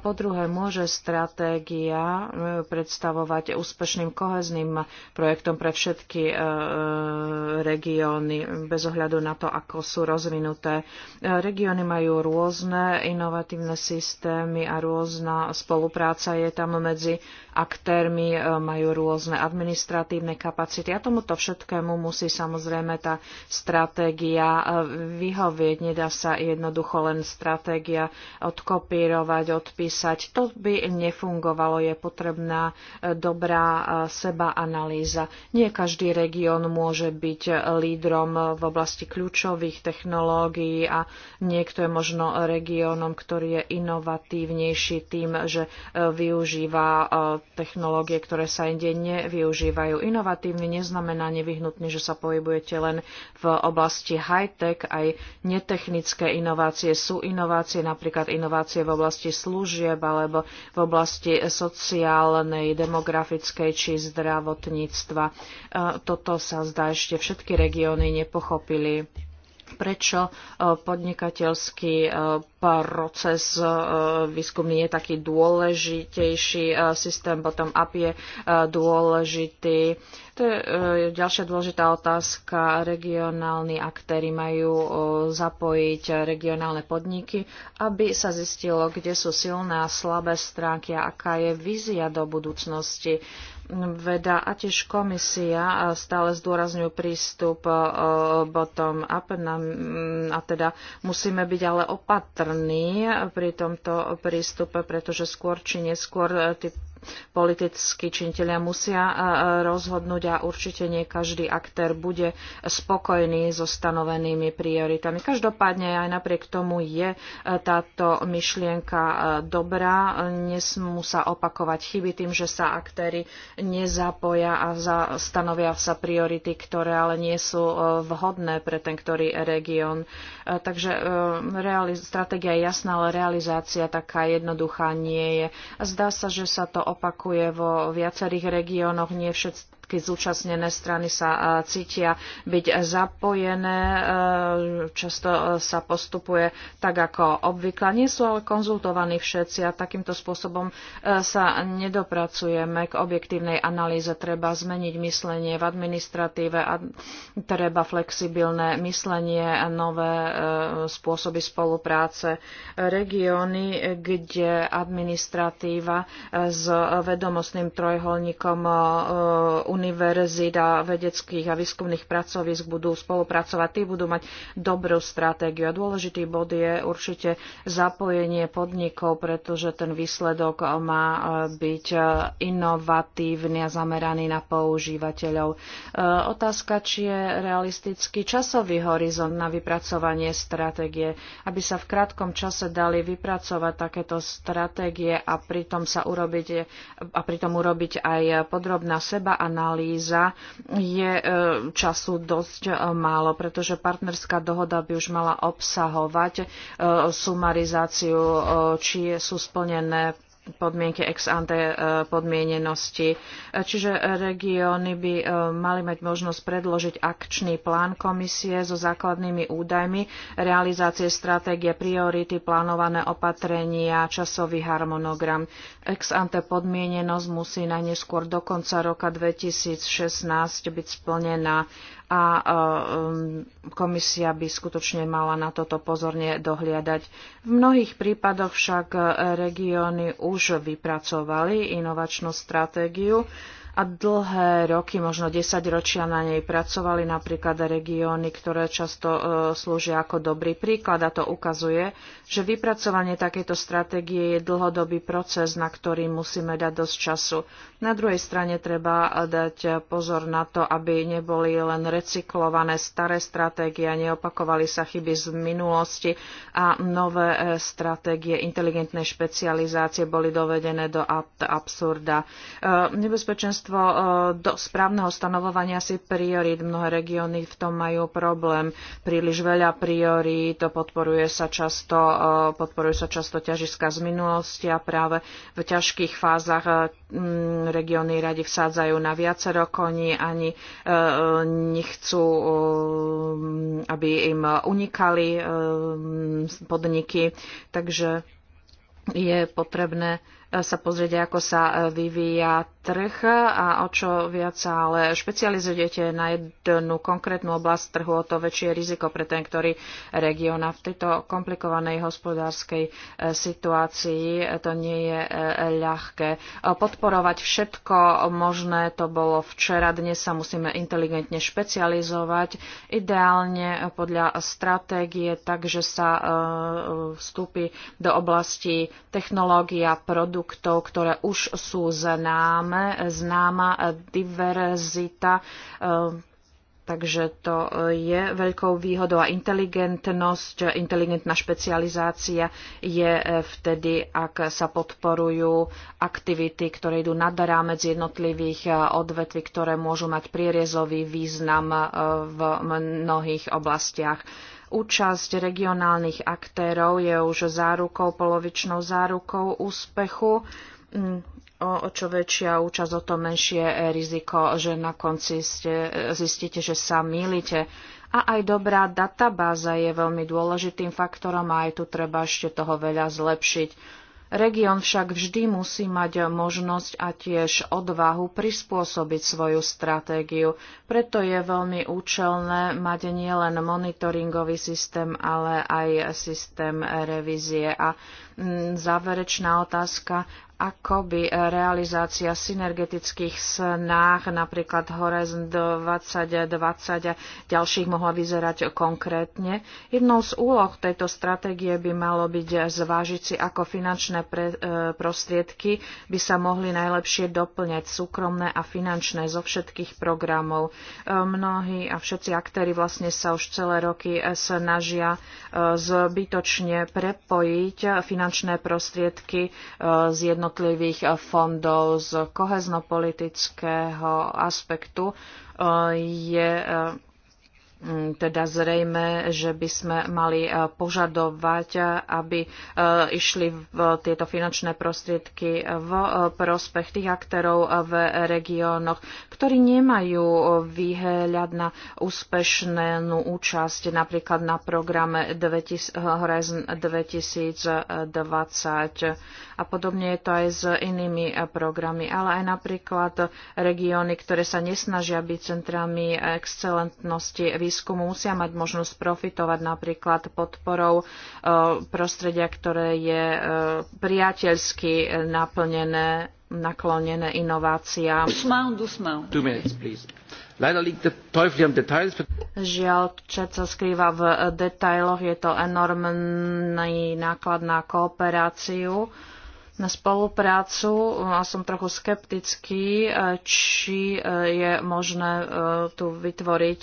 Po druhé, môže stratégia mm, predstavovať úspešný takým kohezným projektom pre všetky e, e, regióny, bez ohľadu na to, ako sú rozvinuté. E, regióny majú rôzne inovatívne systémy a rôzna spolupráca je tam medzi aktérmi, e, majú rôzne administratívne kapacity a tomuto všetkému musí samozrejme tá stratégia e, vyhovieť. Nedá sa jednoducho len stratégia odkopírovať, odpísať. To by nefungovalo. Je potrebná e, dobrá sebaanalýza. Nie každý región môže byť lídrom v oblasti kľúčových technológií a niekto je možno regiónom, ktorý je inovatívnejší tým, že využíva technológie, ktoré sa inde nevyužívajú. Inovatívny neznamená nevyhnutne, že sa pohybujete len v oblasti high-tech. Aj netechnické inovácie sú inovácie, napríklad inovácie v oblasti služieb alebo v oblasti sociálnej, demografickej či zdravotníctva. E, toto sa zdá ešte všetky regióny nepochopili prečo e, podnikateľský e, proces e, výskumný je taký dôležitejší, systém potom AP je dôležitý. To je ďalšia dôležitá otázka. Regionálni aktéry majú zapojiť regionálne podniky, aby sa zistilo, kde sú silné a slabé stránky a aká je vízia do budúcnosti veda a tiež komisia stále zdôrazňujú prístup e, bottom up mm, a teda musíme byť ale opatrní pri tomto prístupe, pretože skôr či neskôr e, politickí činiteľia musia e, rozhodnúť a určite nie každý aktér bude spokojný so stanovenými prioritami. Každopádne aj napriek tomu je e, táto myšlienka e, dobrá. Nesmú sa opakovať chyby tým, že sa aktéry nezapoja a stanovia sa priority, ktoré ale nie sú vhodné pre ten ktorý región. Takže stratégia je jasná, ale realizácia taká jednoduchá nie je. Zdá sa, že sa to opakuje vo viacerých regiónoch. Nie všetci všetky zúčastnené strany sa e, cítia byť zapojené. E, často e, sa postupuje tak, ako obvykle. Nie sú ale konzultovaní všetci a takýmto spôsobom sa nedopracujeme k objektívnej analýze. Treba zmeniť myslenie v administratíve a treba flexibilné myslenie, a nové spôsoby spolupráce. Regióny, kde administratíva s vedomostným trojholníkom univerzít a vedeckých a výskumných pracovisk budú spolupracovať, tí budú mať dobrú stratégiu. A dôležitý bod je určite zapojenie podnikov, pretože ten výsledok má e, byť e, inovatívny a zameraný na používateľov. E, otázka, či je realistický časový horizont na vypracovanie stratégie, aby sa v krátkom čase dali vypracovať takéto stratégie a pritom sa urobiť, a pritom urobiť aj podrobná seba a na analýza, je e, času dosť e, málo, pretože partnerská dohoda by už mala obsahovať e, sumarizáciu, či sú splnené podmienky ex ante e, podmienenosti. E, čiže regióny by e, mali mať možnosť predložiť akčný plán komisie so základnými údajmi realizácie stratégie, priority, plánované opatrenia, časový harmonogram. Ex ante podmienenosť musí najneskôr do konca roka 2016 byť splnená a um, komisia by skutočne mala na toto pozorne dohliadať. V mnohých prípadoch však regióny už vypracovali inovačnú stratégiu, a dlhé roky, možno 10 ročia na nej pracovali napríklad regióny, ktoré často e, slúžia ako dobrý príklad a to ukazuje, že vypracovanie takejto stratégie je dlhodobý proces, na ktorý musíme dať dosť času. Na druhej strane treba e, dať pozor na to, aby neboli len recyklované staré stratégie a neopakovali sa chyby z minulosti a nové e, stratégie inteligentnej špecializácie boli dovedené do absurda. E, nebezpečenstvo ministerstvo e, do správneho stanovovania si priorít. Mnohé regióny v tom majú problém. Príliš veľa priorít, podporuje sa často, e, podporuje sa často ťažiska z minulosti a práve v ťažkých fázach e, regióny radi vsádzajú na viacero koní, ani nechcú, aby im unikali podniky. Takže je potrebné sa pozrieť, ako sa vyvíja trh a o čo viac sa ale špecializujete na jednu konkrétnu oblasť trhu, o to väčšie riziko pre ten, ktorý región. A v tejto komplikovanej hospodárskej e, situácii e, to nie je e, ľahké. Podporovať všetko možné, to bolo včera, dnes sa musíme inteligentne špecializovať, ideálne podľa stratégie, takže sa vstúpi do oblasti technológia produktov, ktoré už sú známe známe, známa diverzita eh, Takže to je veľkou výhodou a inteligentnosť, inteligentná špecializácia je eh, vtedy, ak sa podporujú aktivity, ktoré idú nad rámec jednotlivých eh, odvetví, ktoré môžu mať prierezový význam v mnohých oblastiach. Účasť regionálnych aktérov je už zárukou, polovičnou zárukou úspechu mm, o, čo väčšia účasť, o to menšie e, riziko, že na konci ste, e, zistíte, že sa mýlite. A aj dobrá databáza je veľmi dôležitým faktorom a aj tu treba ešte toho veľa zlepšiť. Región však vždy musí mať možnosť a tiež odvahu prispôsobiť svoju stratégiu. Preto je veľmi účelné mať nielen monitoringový systém, ale aj systém revízie. A mm, záverečná otázka, ako by e, realizácia synergetických snách, napríklad Horizon 2020 a ďalších mohla vyzerať konkrétne. Jednou z úloh tejto stratégie by malo byť zvážiť si, ako finančné e, prostriedky by sa mohli najlepšie doplňať súkromné a finančné zo všetkých programov. E, mnohí a všetci aktéry vlastne sa už celé roky snažia zbytočne prepojiť finančné prostriedky z jednotlivých jednotlivých eh, fondov z koheznopolitického aspektu eh, je eh, Mm, teda zrejme, že by sme mali e, požadovať, e, aby e, išli v tieto finančné prostriedky v prospech tých aktérov v regiónoch, ktorí nemajú výhľad na úspešnú účasť napríklad na programe 2020 a podobne je to aj s inými programy, ale aj napríklad regióny, ktoré sa nesnažia byť centrami excelentnosti výskumu musia mať možnosť profitovať napríklad podporou e, prostredia, ktoré je e, priateľsky naplnené, naklonené inováciám. Žiaľ, čo sa skrýva v e, detailoch, je to enormný náklad na kooperáciu na spoluprácu a som trochu skeptický, či je možné tu vytvoriť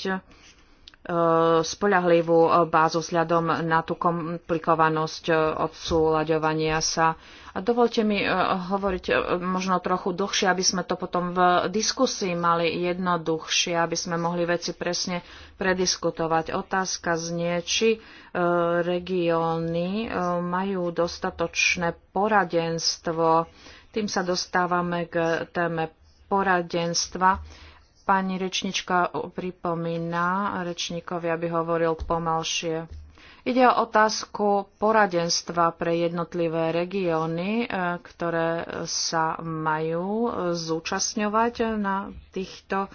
Eh, spoľahlivú bázu vzhľadom na tú komplikovanosť eh, odsúľaďovania sa. A dovolte mi eh, hovoriť možno trochu dlhšie, aby sme to potom v diskusii mali jednoduchšie, aby sme mohli veci presne prediskutovať. Otázka znie, či regióny majú dostatočné poradenstvo. Tým sa dostávame k téme poradenstva Pani rečnička pripomína rečníkovi, aby hovoril pomalšie. Ide o otázku poradenstva pre jednotlivé regióny, e, ktoré sa majú zúčastňovať na týchto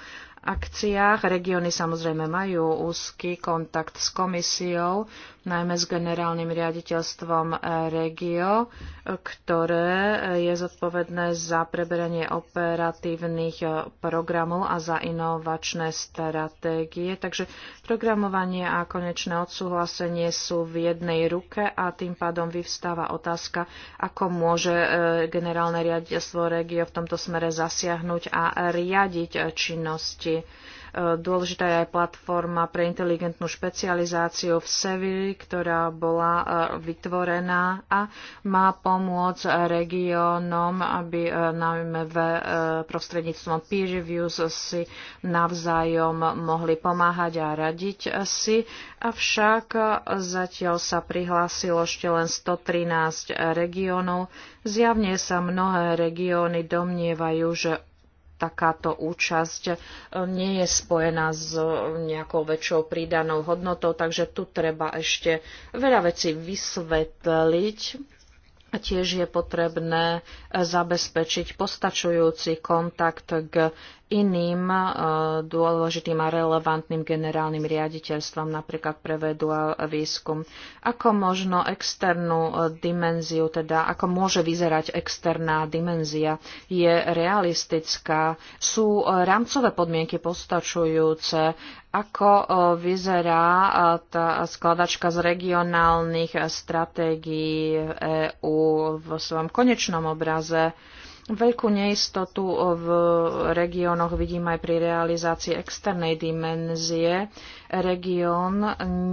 akciách. Regióny samozrejme majú úzky kontakt s komisiou, najmä s generálnym riaditeľstvom e, Regio, e, ktoré e, je zodpovedné za preberanie operatívnych programov a za inovačné stratégie. Takže programovanie a konečné odsúhlasenie sú v jednej ruke a tým pádom vyvstáva otázka, ako môže generálne riaditeľstvo Regio v tomto smere zasiahnuť a riadiť činnosti. Dôležitá je aj platforma pre inteligentnú špecializáciu v Sevilli, ktorá bola e, vytvorená a má pomôcť regiónom, aby e, najmä v e, prostredníctvom peer reviews si navzájom mohli pomáhať a radiť si. Avšak zatiaľ sa prihlásilo ešte len 113 regiónov. Zjavne sa mnohé regióny domnievajú, že takáto účasť e, nie je spojená s e, nejakou väčšou pridanou hodnotou, takže tu treba ešte veľa vecí vysvetliť. A tiež je potrebné e, zabezpečiť postačujúci kontakt k iným e, dôležitým a relevantným generálnym riaditeľstvom, napríklad pre vedu a výskum. Ako možno externú e, dimenziu, teda ako môže vyzerať externá dimenzia, je realistická? Sú e, rámcové podmienky postačujúce? Ako vyzerá tá skladačka z regionálnych stratégií EÚ v svojom konečnom obraze? Veľkú neistotu v regiónoch vidím aj pri realizácii externej dimenzie. Región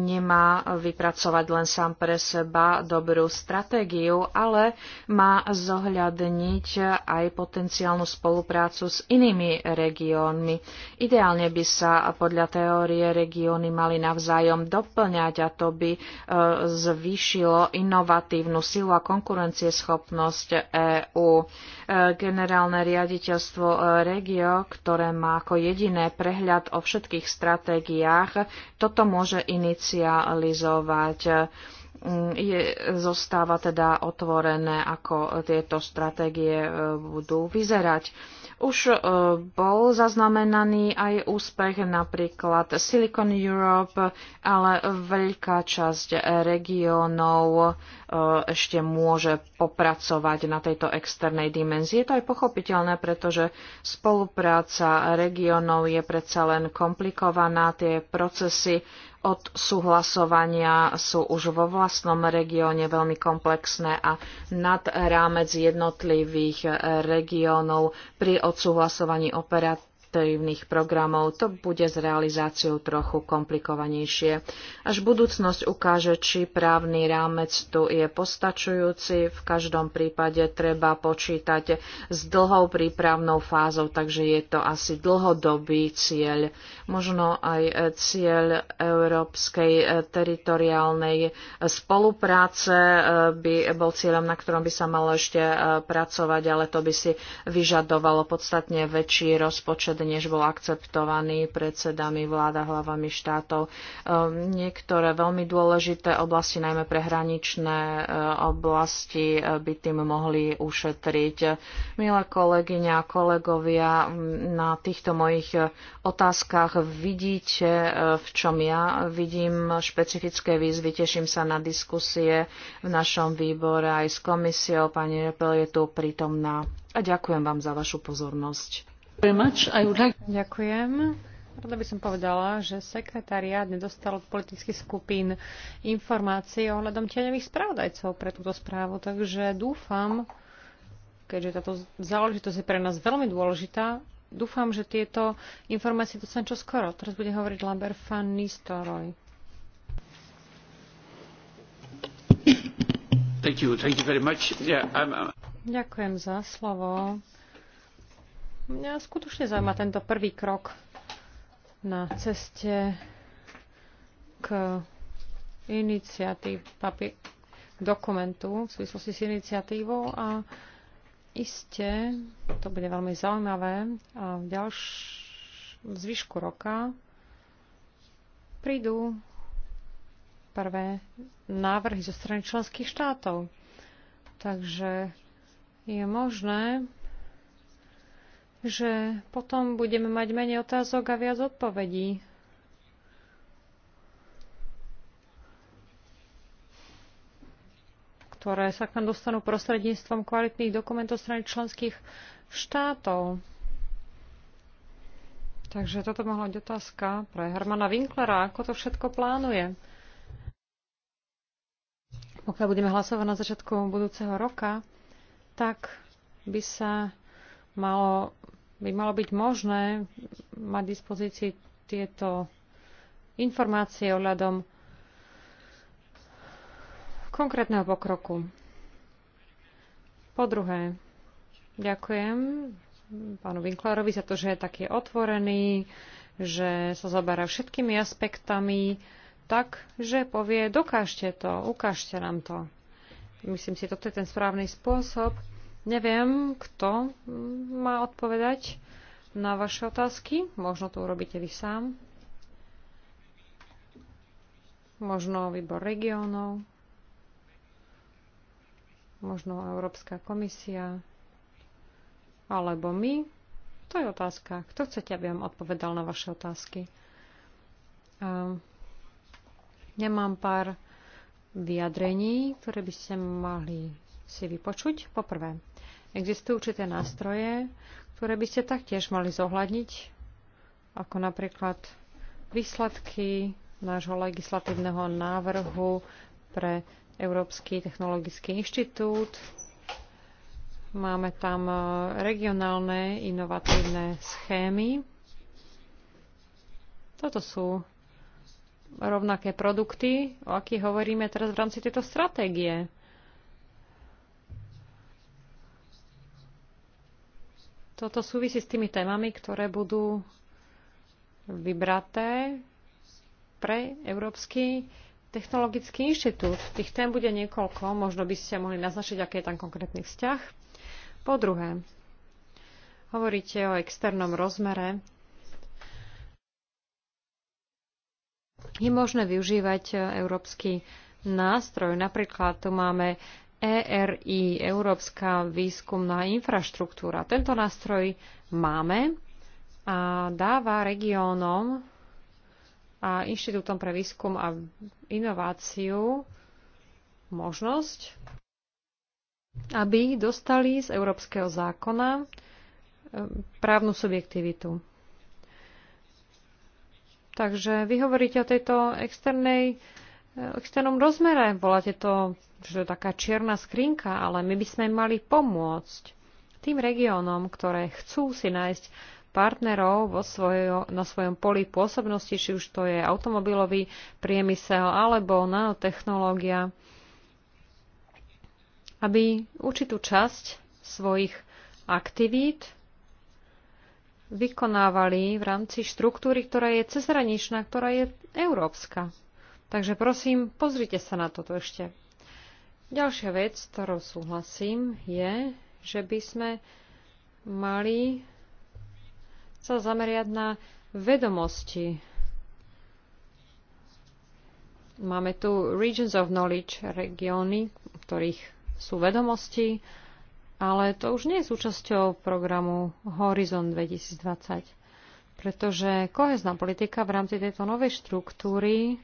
nemá vypracovať len sám pre seba dobrú stratégiu, ale má zohľadniť aj potenciálnu spoluprácu s inými regiónmi. Ideálne by sa podľa teórie regióny mali navzájom doplňať a to by e, zvýšilo inovatívnu silu a konkurencieschopnosť EÚ generálne riaditeľstvo e, Regio, ktoré má ako jediné prehľad o všetkých stratégiách, toto môže inicializovať mm, je, zostáva teda otvorené, ako tieto stratégie e, budú vyzerať. Už e, bol zaznamenaný aj úspech napríklad Silicon Europe, ale veľká časť regiónov e, ešte môže popracovať na tejto externej dimenzii. Je to aj pochopiteľné, pretože spolupráca regiónov je predsa len komplikovaná, tie procesy od súhlasovania sú už vo vlastnom regióne veľmi komplexné a nad rámec jednotlivých regiónov pri odsúhlasovaní operat alternatívnych programov. To bude s realizáciou trochu komplikovanejšie. Až budúcnosť ukáže, či právny rámec tu je postačujúci. V každom prípade treba počítať s dlhou prípravnou fázou, takže je to asi dlhodobý cieľ. Možno aj cieľ európskej teritoriálnej spolupráce eh, by bol cieľom, na ktorom by sa malo ešte eh, pracovať, ale to by si vyžadovalo podstatne väčší rozpočet než bol akceptovaný predsedami vláda hlavami štátov. Ehm, niektoré veľmi dôležité oblasti, najmä prehraničné ehm, oblasti, ehm, by tým mohli ušetriť. Milé kolegyňa a kolegovia, na týchto mojich otázkach vidíte, v čom ja vidím špecifické výzvy. Teším sa na diskusie v našom výbore aj s komisiou. Pani Repel je tu prítomná. A ďakujem vám za vašu pozornosť. Ďakujem. Rada by som povedala, že sekretariát nedostal od politických skupín informácie ohľadom tieňových spravodajcov pre túto správu, takže dúfam, keďže táto záležitosť je pre nás veľmi dôležitá, dúfam, že tieto informácie dostanem čo skoro. Teraz bude hovoriť Lambert van Nistelrooy. Ďakujem za slovo. Mňa skutočne zaujíma tento prvý krok na ceste k iniciatív, papi, dokumentu v súvislosti s iniciatívou a iste to bude veľmi zaujímavé a v ďalš, zvyšku roka prídu prvé návrhy zo strany členských štátov. Takže je možné, že potom budeme mať menej otázok a viac odpovedí. ktoré sa k nám dostanú prostredníctvom kvalitných dokumentov strany členských štátov. Takže toto mohla byť otázka pre Hermana Winklera, ako to všetko plánuje. Pokiaľ budeme hlasovať na začiatku budúceho roka, tak by sa malo by malo byť možné mať v dispozícii tieto informácie ohľadom konkrétneho pokroku. Po druhé, ďakujem pánu Winklerovi za to, že je taký otvorený, že sa zabára všetkými aspektami, tak, že povie, dokážte to, ukážte nám to. Myslím si, toto je ten správny spôsob, Neviem, kto má odpovedať na vaše otázky. Možno to urobíte vy sám. Možno výbor regiónov. Možno Európska komisia. Alebo my. To je otázka. Kto chcete, aby vám odpovedal na vaše otázky? Nemám pár vyjadrení, ktoré by ste mali si vypočuť. Poprvé, Existujú určité nástroje, ktoré by ste taktiež mali zohľadniť, ako napríklad výsledky nášho legislatívneho návrhu pre Európsky technologický inštitút. Máme tam e, regionálne inovatívne schémy. Toto sú rovnaké produkty, o akých hovoríme teraz v rámci tejto stratégie. Toto súvisí s tými témami, ktoré budú vybraté pre Európsky technologický inštitút. Tých tém bude niekoľko, možno by ste mohli naznačiť, aký je tam konkrétny vzťah. Po druhé, hovoríte o externom rozmere. Je možné využívať e, európsky nástroj. Napríklad tu máme ERI, Európska výskumná infraštruktúra. Tento nástroj máme a dáva regiónom a Inštitútom pre výskum a inováciu možnosť, aby dostali z európskeho zákona e, právnu subjektivitu. Takže vy hovoríte o tejto externej v externom rozmere. Voláte to, že to je taká čierna skrinka, ale my by sme mali pomôcť tým regiónom, ktoré chcú si nájsť partnerov vo svojo, na svojom poli pôsobnosti, či už to je automobilový priemysel alebo nanotechnológia, aby určitú časť svojich aktivít vykonávali v rámci štruktúry, ktorá je cezhraničná, ktorá je európska. Takže prosím, pozrite sa na toto ešte. Ďalšia vec, s ktorou súhlasím, je, že by sme mali sa zameriať na vedomosti. Máme tu regions of knowledge, regióny, ktorých sú vedomosti, ale to už nie je súčasťou programu Horizon 2020, pretože kohezná politika v rámci tejto novej štruktúry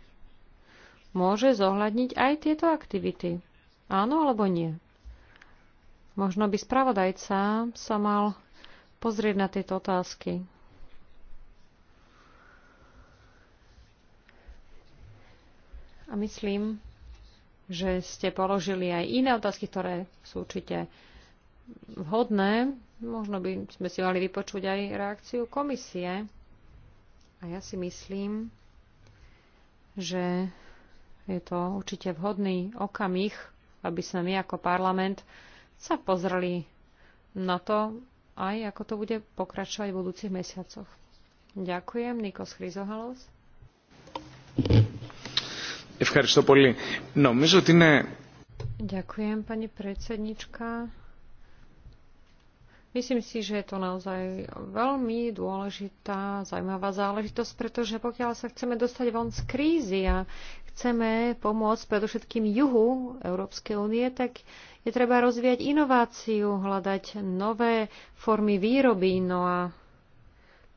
môže zohľadniť aj tieto aktivity. Áno alebo nie? Možno by spravodajca sa mal pozrieť na tieto otázky. A myslím, že ste položili aj iné otázky, ktoré sú určite vhodné. Možno by sme si mali vypočuť aj reakciu komisie. A ja si myslím, že je to určite vhodný okamih, aby sme my ako parlament sa pozreli na to, aj ako to bude pokračovať v budúcich mesiacoch. Ďakujem. Nikos Chryzohalos. Ďakujem, pani predsednička. Myslím si, že je to naozaj veľmi dôležitá, zaujímavá záležitosť, pretože pokiaľ sa chceme dostať von z krízy a chceme pomôcť predovšetkým juhu Európskej únie, tak je treba rozvíjať inováciu, hľadať nové formy výroby. No a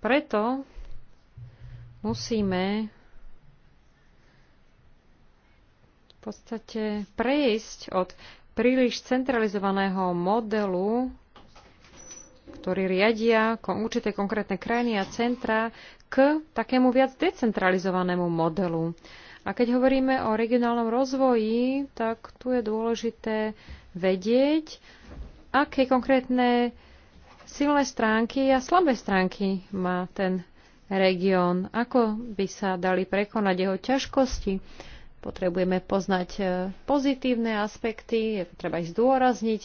preto musíme v podstate prejsť od príliš centralizovaného modelu ktorí riadia určité konkrétne krajiny a centra k takému viac decentralizovanému modelu. A keď hovoríme o regionálnom rozvoji, tak tu je dôležité vedieť, aké konkrétne silné stránky a slabé stránky má ten región, ako by sa dali prekonať jeho ťažkosti. Potrebujeme poznať e, pozitívne aspekty, je treba ich zdôrazniť,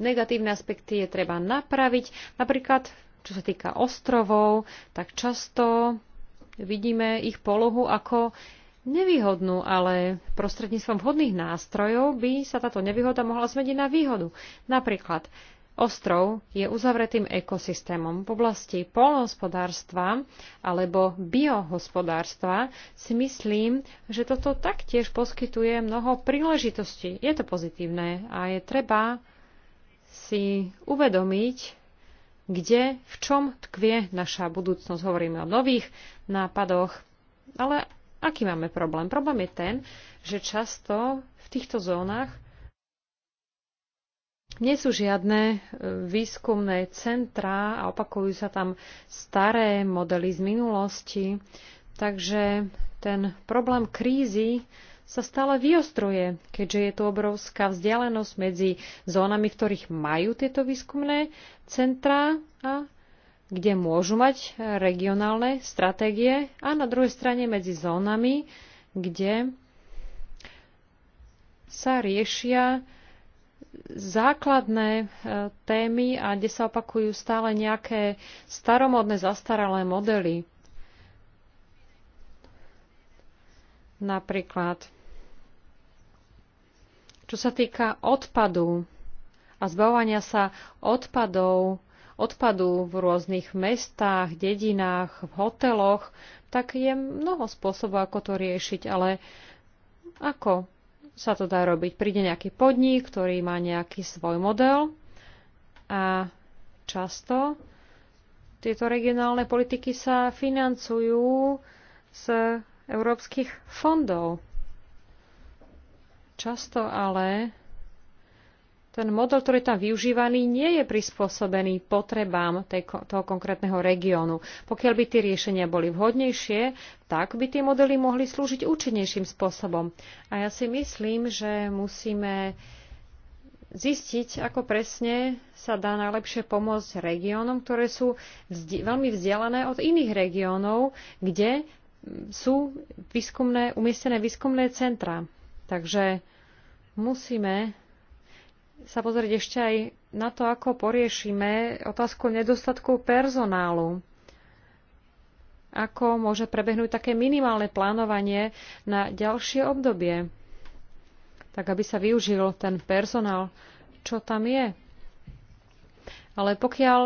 negatívne aspekty je treba napraviť. Napríklad, čo sa týka ostrovov, tak často vidíme ich polohu ako nevýhodnú, ale prostredníctvom vhodných nástrojov by sa táto nevýhoda mohla zmeniť na výhodu. Napríklad, ostrov je uzavretým ekosystémom. V oblasti polnohospodárstva alebo biohospodárstva si myslím, že toto taktiež poskytuje mnoho príležitostí. Je to pozitívne a je treba si uvedomiť, kde, v čom tkvie naša budúcnosť. Hovoríme o nových nápadoch, ale aký máme problém? Problém je ten, že často v týchto zónach nie sú žiadne e, výskumné centrá a opakujú sa tam staré modely z minulosti. Takže ten problém krízy sa stále vyostruje, keďže je tu obrovská vzdialenosť medzi zónami, v ktorých majú tieto výskumné centrá a kde môžu mať regionálne stratégie a na druhej strane medzi zónami, kde sa riešia základné e, témy a kde sa opakujú stále nejaké staromodné, zastaralé modely. Napríklad čo sa týka odpadu a zbavovania sa odpadov, odpadu v rôznych mestách, dedinách, v hoteloch, tak je mnoho spôsobov, ako to riešiť, ale ako sa to dá robiť? Príde nejaký podnik, ktorý má nejaký svoj model a často tieto regionálne politiky sa financujú z európskych fondov. Často ale ten model, ktorý je tam využívaný, nie je prispôsobený potrebám tej, toho konkrétneho regiónu. Pokiaľ by tie riešenia boli vhodnejšie, tak by tie modely mohli slúžiť účinnejším spôsobom. A ja si myslím, že musíme zistiť, ako presne sa dá najlepšie pomôcť regiónom, ktoré sú vzdi- veľmi vzdialené od iných regiónov, kde sú výskumné, umiestnené výskumné centra. Takže musíme sa pozrieť ešte aj na to, ako poriešime otázku nedostatku personálu. Ako môže prebehnúť také minimálne plánovanie na ďalšie obdobie, tak aby sa využil ten personál, čo tam je. Ale pokiaľ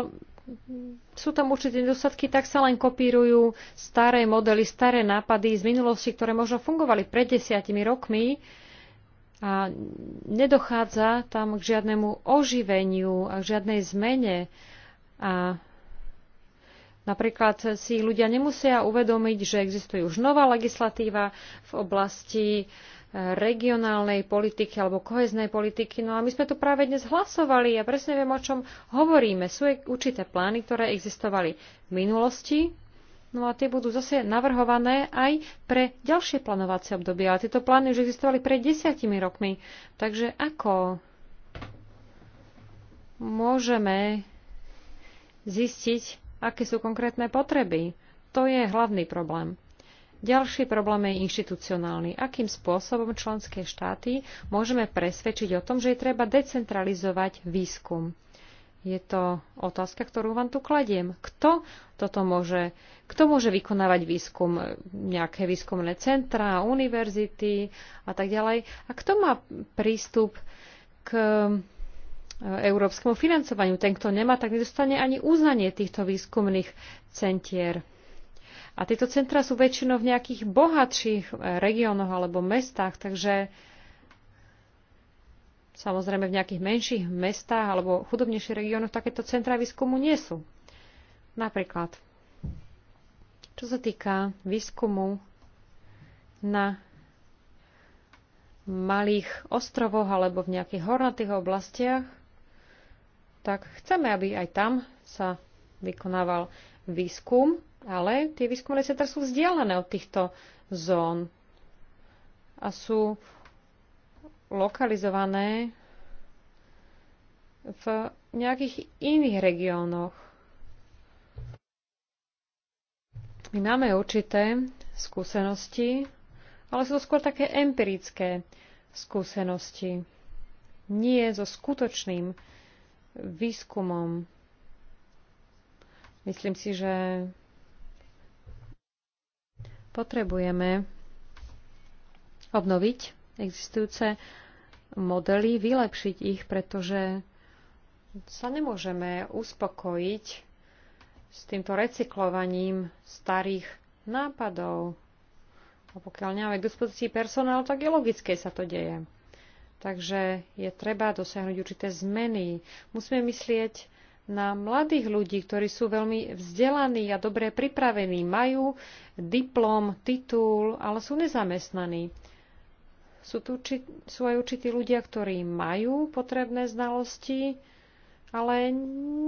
sú tam určité nedostatky, tak sa len kopírujú staré modely, staré nápady z minulosti, ktoré možno fungovali pred desiatimi rokmi a nedochádza tam k žiadnemu oživeniu a k žiadnej zmene. A napríklad si ľudia nemusia uvedomiť, že existuje už nová legislatíva v oblasti uh, regionálnej politiky alebo koheznej politiky. No a my sme tu práve dnes hlasovali a ja presne viem, o čom hovoríme. Sú e- určité plány, ktoré existovali v minulosti, No a tie budú zase navrhované aj pre ďalšie plánovacie obdobia. Ale tieto plány už existovali pred desiatimi rokmi. Takže ako môžeme zistiť, aké sú konkrétne potreby? To je hlavný problém. Ďalší problém je inštitucionálny. Akým spôsobom členské štáty môžeme presvedčiť o tom, že je treba decentralizovať výskum? Je to otázka, ktorú vám tu kladiem. Kto toto môže, kto môže vykonávať výskum? Nejaké výskumné centra, univerzity a tak ďalej. A kto má prístup k e, európskemu financovaniu? Ten, kto nemá, tak nedostane ani uznanie týchto výskumných centier. A tieto centra sú väčšinou v nejakých bohatších eh, regiónoch alebo mestách, takže samozrejme v nejakých menších mestách alebo chudobnejších regiónoch takéto centra výskumu nie sú. Napríklad, čo sa týka výskumu na malých ostrovoch alebo v nejakých hornatých oblastiach, tak chceme, aby aj tam sa vykonával výskum, ale tie výskumné centra sú vzdialené od týchto zón a sú lokalizované v nejakých iných regiónoch. My máme určité skúsenosti, ale sú to skôr také empirické skúsenosti. Nie so skutočným výskumom. Myslím si, že Potrebujeme obnoviť existujúce modely, vylepšiť ich, pretože sa nemôžeme uspokojiť s týmto recyklovaním starých nápadov. A pokiaľ nemáme k dispozícii personál, tak je logické sa to deje. Takže je treba dosiahnuť určité zmeny. Musíme myslieť na mladých ľudí, ktorí sú veľmi vzdelaní a dobre pripravení, majú diplom, titul, ale sú nezamestnaní. Sú, tu, či, sú aj určití ľudia, ktorí majú potrebné znalosti, ale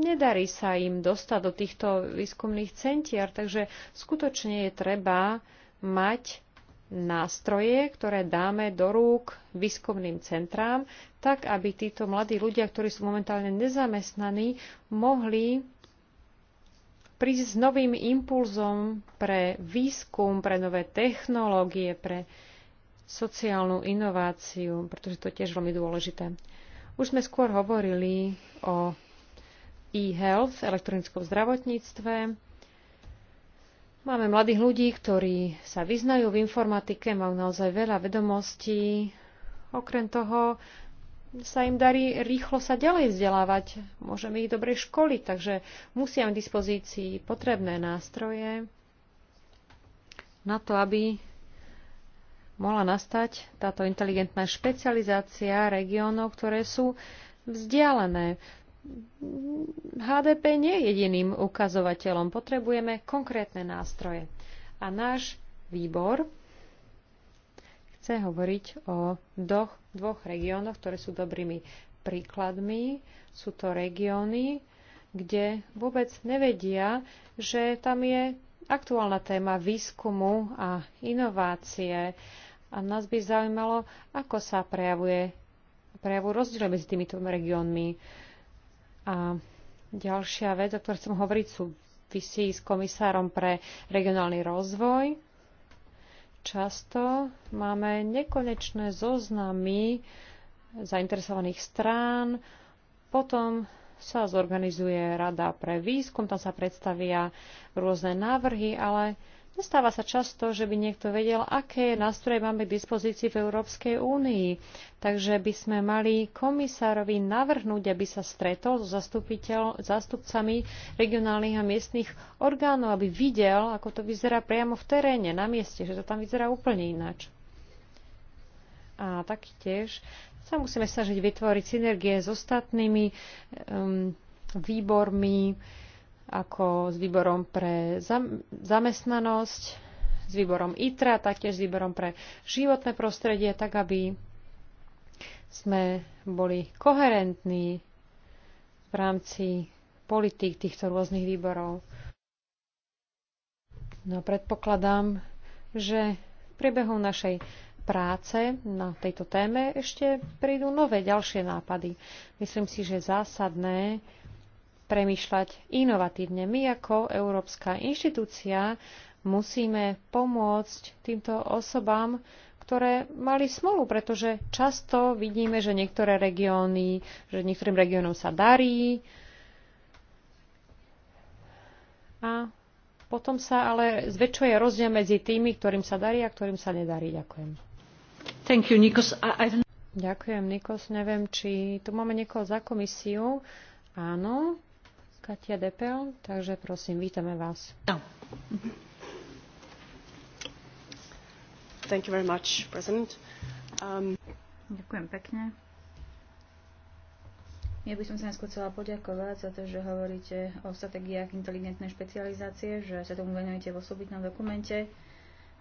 nedarí sa im dostať do týchto výskumných centier, takže skutočne je treba mať nástroje, ktoré dáme do rúk výskumným centrám, tak aby títo mladí ľudia, ktorí sú momentálne nezamestnaní, mohli prísť s novým impulzom pre výskum, pre nové technológie, pre sociálnu inováciu, pretože to je tiež veľmi dôležité. Už sme skôr hovorili o e-health, elektronickom zdravotníctve. Máme mladých ľudí, ktorí sa vyznajú v informatike, majú naozaj veľa vedomostí. Okrem toho sa im darí rýchlo sa ďalej vzdelávať. Môžeme ich dobre školiť, takže musia v dispozícii potrebné nástroje na to, aby mohla nastať táto inteligentná špecializácia regiónov, ktoré sú vzdialené. HDP nie je jediným ukazovateľom. Potrebujeme konkrétne nástroje. A náš výbor chce hovoriť o doch, dvoch regiónoch, ktoré sú dobrými príkladmi. Sú to regióny, kde vôbec nevedia, že tam je aktuálna téma výskumu a inovácie. A nás by zaujímalo, ako sa prejavuje prejavu rozdiel medzi týmito regiónmi. A ďalšia vec, o ktorej chcem hovoriť, sú vysí s komisárom pre regionálny rozvoj. Často máme nekonečné zoznamy zainteresovaných strán, potom sa zorganizuje rada pre výskum, tam sa predstavia rôzne návrhy, ale Nestáva sa často, že by niekto vedel, aké nástroje máme k dispozícii v Európskej únii. Takže by sme mali komisárovi navrhnúť, aby sa stretol so zástupcami regionálnych a miestnych orgánov, aby videl, ako to vyzerá priamo v teréne, na mieste, že to tam vyzerá úplne ináč. A taktiež sa musíme snažiť vytvoriť synergie s ostatnými um, výbormi, ako s výborom pre zamestnanosť, s výborom ITRA, taktiež s výborom pre životné prostredie, tak aby sme boli koherentní v rámci politík týchto rôznych výborov. No a predpokladám, že v priebehu našej práce na tejto téme ešte prídu nové ďalšie nápady. Myslím si, že je zásadné, premýšľať inovatívne. My ako európska inštitúcia musíme pomôcť týmto osobám, ktoré mali smolu, pretože často vidíme, že niektoré regióny, že niektorým regiónom sa darí a potom sa ale zväčšuje rozdiel medzi tými, ktorým sa darí a ktorým sa nedarí. Ďakujem. Thank you, Nikos. I, I... Ďakujem, Nikos. Neviem, či tu máme niekoho za komisiu. Áno, Katia Depel, takže prosím, vítame vás. No. Thank you very much, President. Um... Ďakujem pekne. Ja by som sa neskôr chcela poďakovať za to, že hovoríte o strategiách inteligentnej špecializácie, že sa tomu venujete v osobitnom dokumente.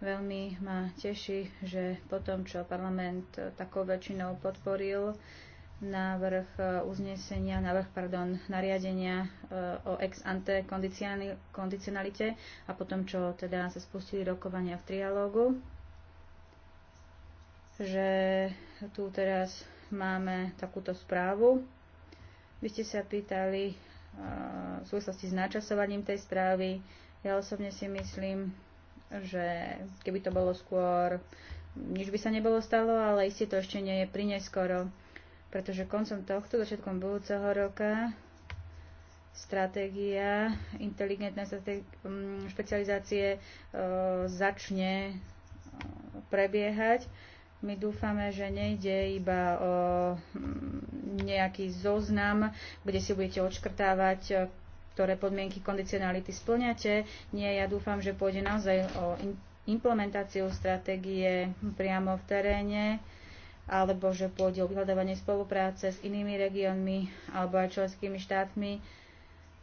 Veľmi ma teší, že po tom, čo parlament takou väčšinou podporil návrh e, uznesenia, návrh, pardon, nariadenia e, o ex ante kondicionalite a potom, čo teda sa spustili rokovania v trialógu, že tu teraz máme takúto správu. Vy ste sa pýtali e, v súvislosti s načasovaním tej správy. Ja osobne si myslím, že keby to bolo skôr, nič by sa nebolo stalo, ale isté to ešte nie je prineskoro. skoro pretože koncom tohto, začiatkom budúceho roka stratégia, inteligentné mm, špecializácie e, začne e, prebiehať. My dúfame, že nejde iba o mm, nejaký zoznam, kde si budete odškrtávať, e, ktoré podmienky kondicionality splňate. Nie, ja dúfam, že pôjde naozaj o implementáciu stratégie priamo v teréne. E, alebo že pôjde o vyhľadávanie spolupráce s inými regiónmi alebo aj členskými štátmi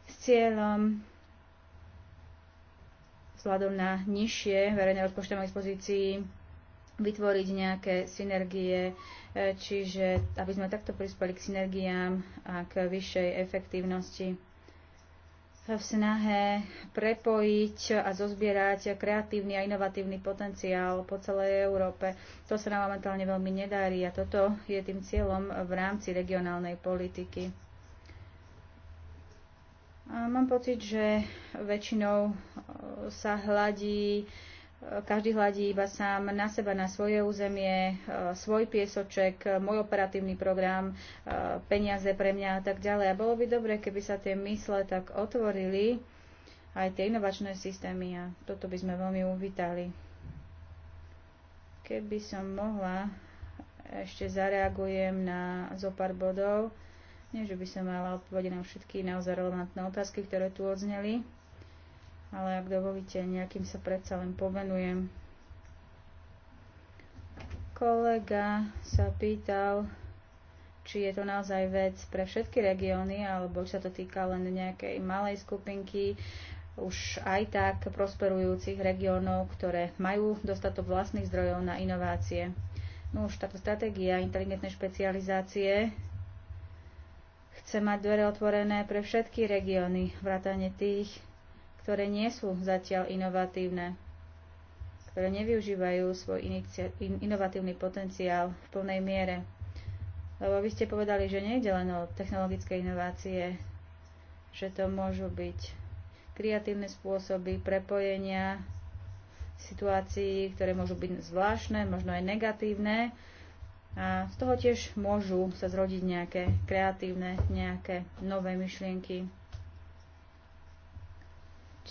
s cieľom vzhľadom na nižšie verejné rozpočtové expozícii vytvoriť nejaké synergie, e, čiže aby sme takto prispeli k synergiám a k vyššej efektívnosti v snahe prepojiť a zozbierať kreatívny a inovatívny potenciál po celej Európe. To sa nám momentálne veľmi nedarí a toto je tým cieľom v rámci regionálnej politiky. A mám pocit, že väčšinou e, sa hladí každý hľadí iba sám na seba, na svoje územie, e, svoj piesoček, e, môj operatívny program, e, peniaze pre mňa a tak ďalej. A bolo by dobre, keby sa tie mysle tak otvorili, aj tie inovačné systémy a toto by sme veľmi uvítali. Keby som mohla, ešte zareagujem na zo pár bodov. Nie, že by som mala odpovedať na všetky naozaj relevantné otázky, ktoré tu odzneli ale ak dovolíte, nejakým sa predsa len povenujem. Kolega sa pýtal, či je to naozaj vec pre všetky regióny, alebo sa to týka len nejakej malej skupinky už aj tak prosperujúcich regiónov, ktoré majú dostatok vlastných zdrojov na inovácie. No už táto stratégia inteligentnej špecializácie chce mať dvere otvorené pre všetky regióny, vrátane tých, ktoré nie sú zatiaľ inovatívne, ktoré nevyužívajú svoj inovatívny potenciál v plnej miere. Lebo vy ste povedali, že nejde len o technologické inovácie, že to môžu byť kreatívne spôsoby prepojenia situácií, ktoré môžu byť zvláštne, možno aj negatívne. A z toho tiež môžu sa zrodiť nejaké kreatívne, nejaké nové myšlienky.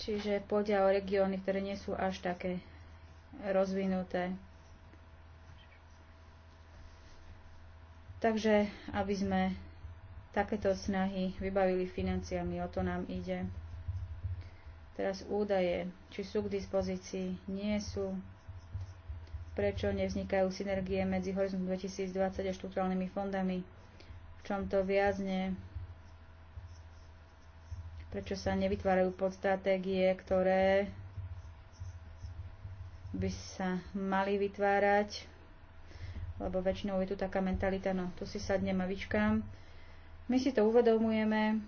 Čiže pôjde o regióny, ktoré nie sú až také rozvinuté. Takže, aby sme takéto snahy vybavili financiami, o to nám ide. Teraz údaje, či sú k dispozícii, nie sú. Prečo nevznikajú synergie medzi Horizon 2020 a štruktúralnými fondami? V čom to viazne? prečo sa nevytvárajú podstratégie, ktoré by sa mali vytvárať, lebo väčšinou je tu taká mentalita, no tu si sadnem a vyčkám. My si to uvedomujeme,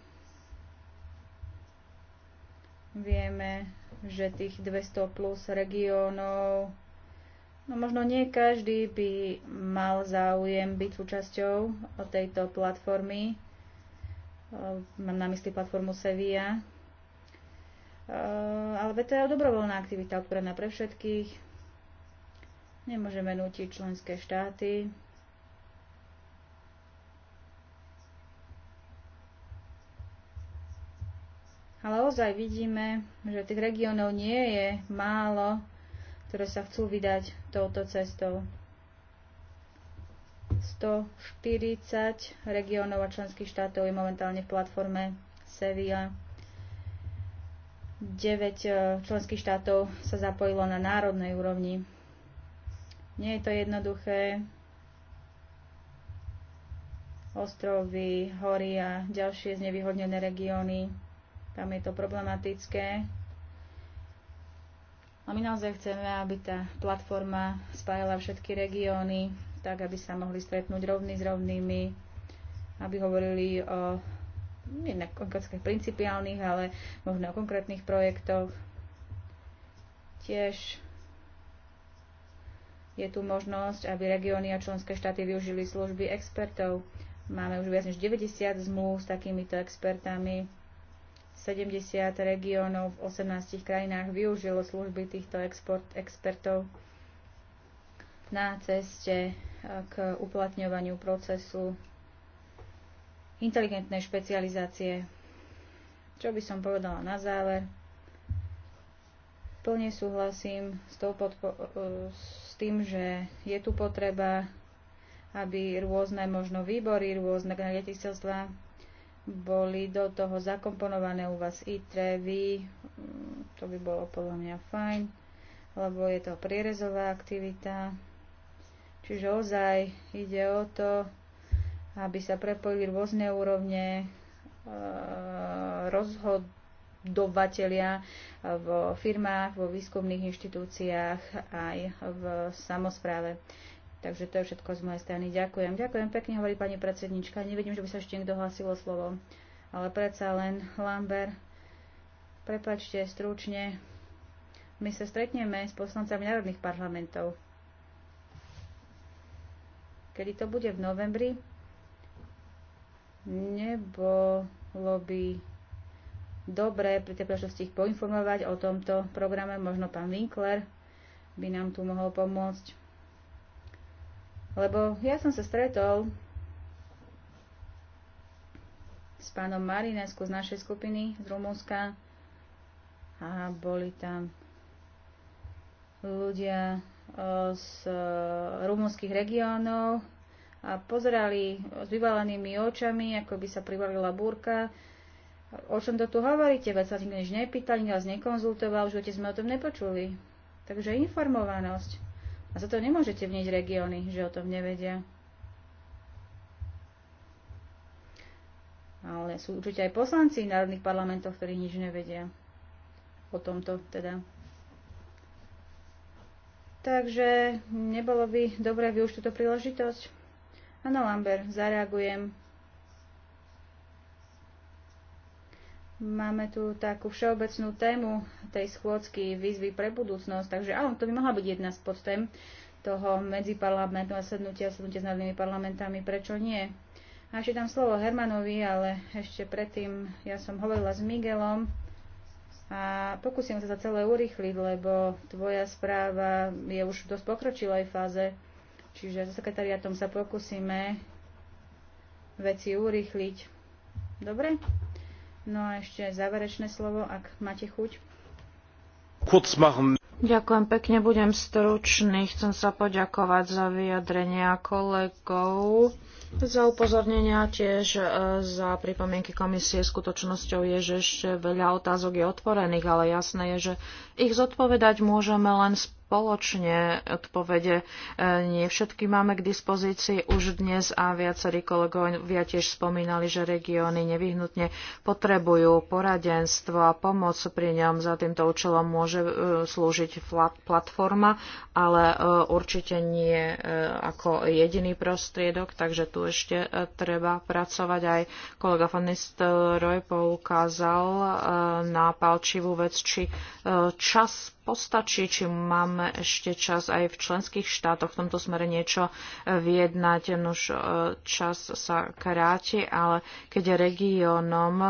vieme, že tých 200 plus regiónov, no možno nie každý by mal záujem byť súčasťou tejto platformy, Ehm, mám na mysli platformu Sevilla. Ehm, ale to je dobrovoľná aktivita otvorená pre všetkých. Nemôžeme nútiť členské štáty. Ale ozaj vidíme, že tých regiónov nie je málo, ktoré sa chcú vydať touto cestou. 140 regiónov a členských štátov je momentálne v platforme Sevilla. 9 e, členských štátov sa zapojilo na národnej úrovni. Nie je to jednoduché. Ostrovy, hory a ďalšie znevýhodnené regióny. Tam je to problematické. A my naozaj chceme, aby tá platforma spájala všetky regióny, tak aby sa mohli stretnúť rovný s rovnými, aby hovorili o nie na konkrétnych principiálnych, ale možno o konkrétnych projektoch. Tiež je tu možnosť, aby regióny a členské štáty využili služby expertov. Máme už viac než 90 zmluv s takýmito expertami. 70 regiónov v 18 krajinách využilo služby týchto export, expertov na ceste k uplatňovaniu procesu inteligentnej špecializácie. Čo by som povedala na záver? Plne súhlasím s, tou podpo- s tým, že je tu potreba, aby rôzne možno výbory, rôzne riaditeľstva boli do toho zakomponované u vás ITRE, vy, mm, to by bolo podľa mňa fajn, lebo je to prierezová aktivita, Čiže ozaj ide o to, aby sa prepojili rôzne úrovne e, rozhodovatelia vo firmách, vo výskumných inštitúciách aj v samozpráve. Takže to je všetko z mojej strany. Ďakujem. Ďakujem pekne, hovorí pani predsednička. Nevidím, že by sa ešte niekto hlasil o slovo. Ale predsa len, Lambert, prepačte stručne. My sa stretneme s poslancami národných parlamentov. Kedy to bude v novembri? Nebolo by dobre pri tej príležitosti ich poinformovať o tomto programe. Možno pán Winkler by nám tu mohol pomôcť. Lebo ja som sa stretol s pánom Marinesku z našej skupiny z Rumúnska a boli tam ľudia z eh, rumunských regiónov a pozerali s vyvalenými očami, ako by sa privalila búrka. O čom to tu hovoríte? Veď sa nikto nič nepýtal, nikto vás nekonzultoval, už sme o tom nepočuli. Takže informovanosť. A za to nemôžete vnieť regióny, že o tom nevedia. Ale sú určite aj poslanci národných parlamentov, ktorí nič nevedia. O tomto teda Takže nebolo by dobré využiť túto príležitosť? Áno, Lamber, zareagujem. Máme tu takú všeobecnú tému tej schôdzky výzvy pre budúcnosť, takže áno, to by mohla byť jedna z podtém toho medziparlamentného sednutia, sednutia s národnými parlamentami, prečo nie? A ešte dám slovo Hermanovi, ale ešte predtým ja som hovorila s Miguelom, a pokúsim sa za celé urychliť, lebo tvoja správa je už v dosť pokročilej fáze, čiže so sekretariatom sa pokúsime veci urychliť. Dobre? No a ešte záverečné slovo, ak máte chuť. Ďakujem pekne, budem stručný. Chcem sa poďakovať za vyjadrenia kolegov za upozornenia, tiež e, za pripomienky komisie. Skutočnosťou je, že ešte veľa otázok je otvorených, ale jasné je, že ich zodpovedať môžeme len spolu spoločne odpovede. E, nie všetky máme k dispozícii už dnes a viacerí kolegovia tiež spomínali, že regióny nevyhnutne potrebujú poradenstvo a pomoc pri ňom. Za týmto účelom môže e, slúžiť platforma, ale e, určite nie ako jediný prostriedok, takže tu ešte treba pracovať. Aj kolega von Nistelrooy poukázal na palčivú vec, či čas postačí, či máme ešte čas aj v členských štátoch v tomto smere niečo e, vyjednať. Nož e, čas sa kráti, ale keď regiónom e,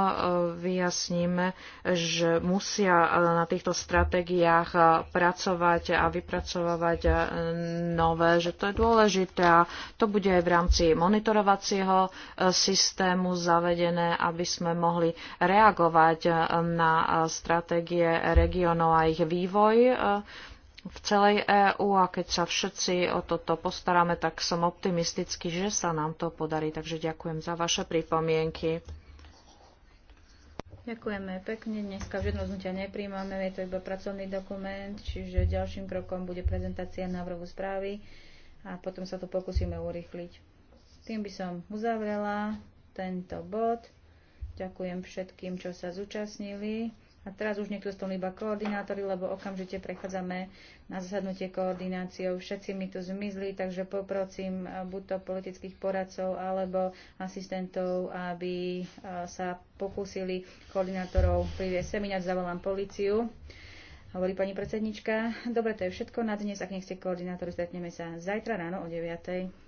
vyjasníme, že musia na týchto stratégiách pracovať a vypracovávať nové, že to je dôležité a to bude aj v rámci monitorovacieho systému zavedené, aby sme mohli reagovať na stratégie regiónov a ich vývoj rozvoj eh, v celej EÚ a keď sa všetci o toto postaráme, tak som optimistický, že sa nám to podarí. Takže ďakujem za vaše pripomienky. Ďakujeme pekne. Dneska už jedno znutia nepríjmame, je to iba pracovný dokument, čiže ďalším krokom bude prezentácia návrhu správy a potom sa to pokúsime urychliť. Tým by som uzavrela tento bod. Ďakujem všetkým, čo sa zúčastnili. A teraz už niekto stolí iba koordinátory, lebo okamžite prechádzame na zasadnutie koordináciou. Všetci mi tu zmizli, takže poprosím eh, buď to politických poradcov alebo asistentov, aby eh, sa pokúsili koordinátorov priviesť semiňať, Zavolám policiu. Hovorí pani predsednička. Dobre, to je všetko na dnes. Ak nechcete koordinátori, stretneme sa zajtra ráno o 9.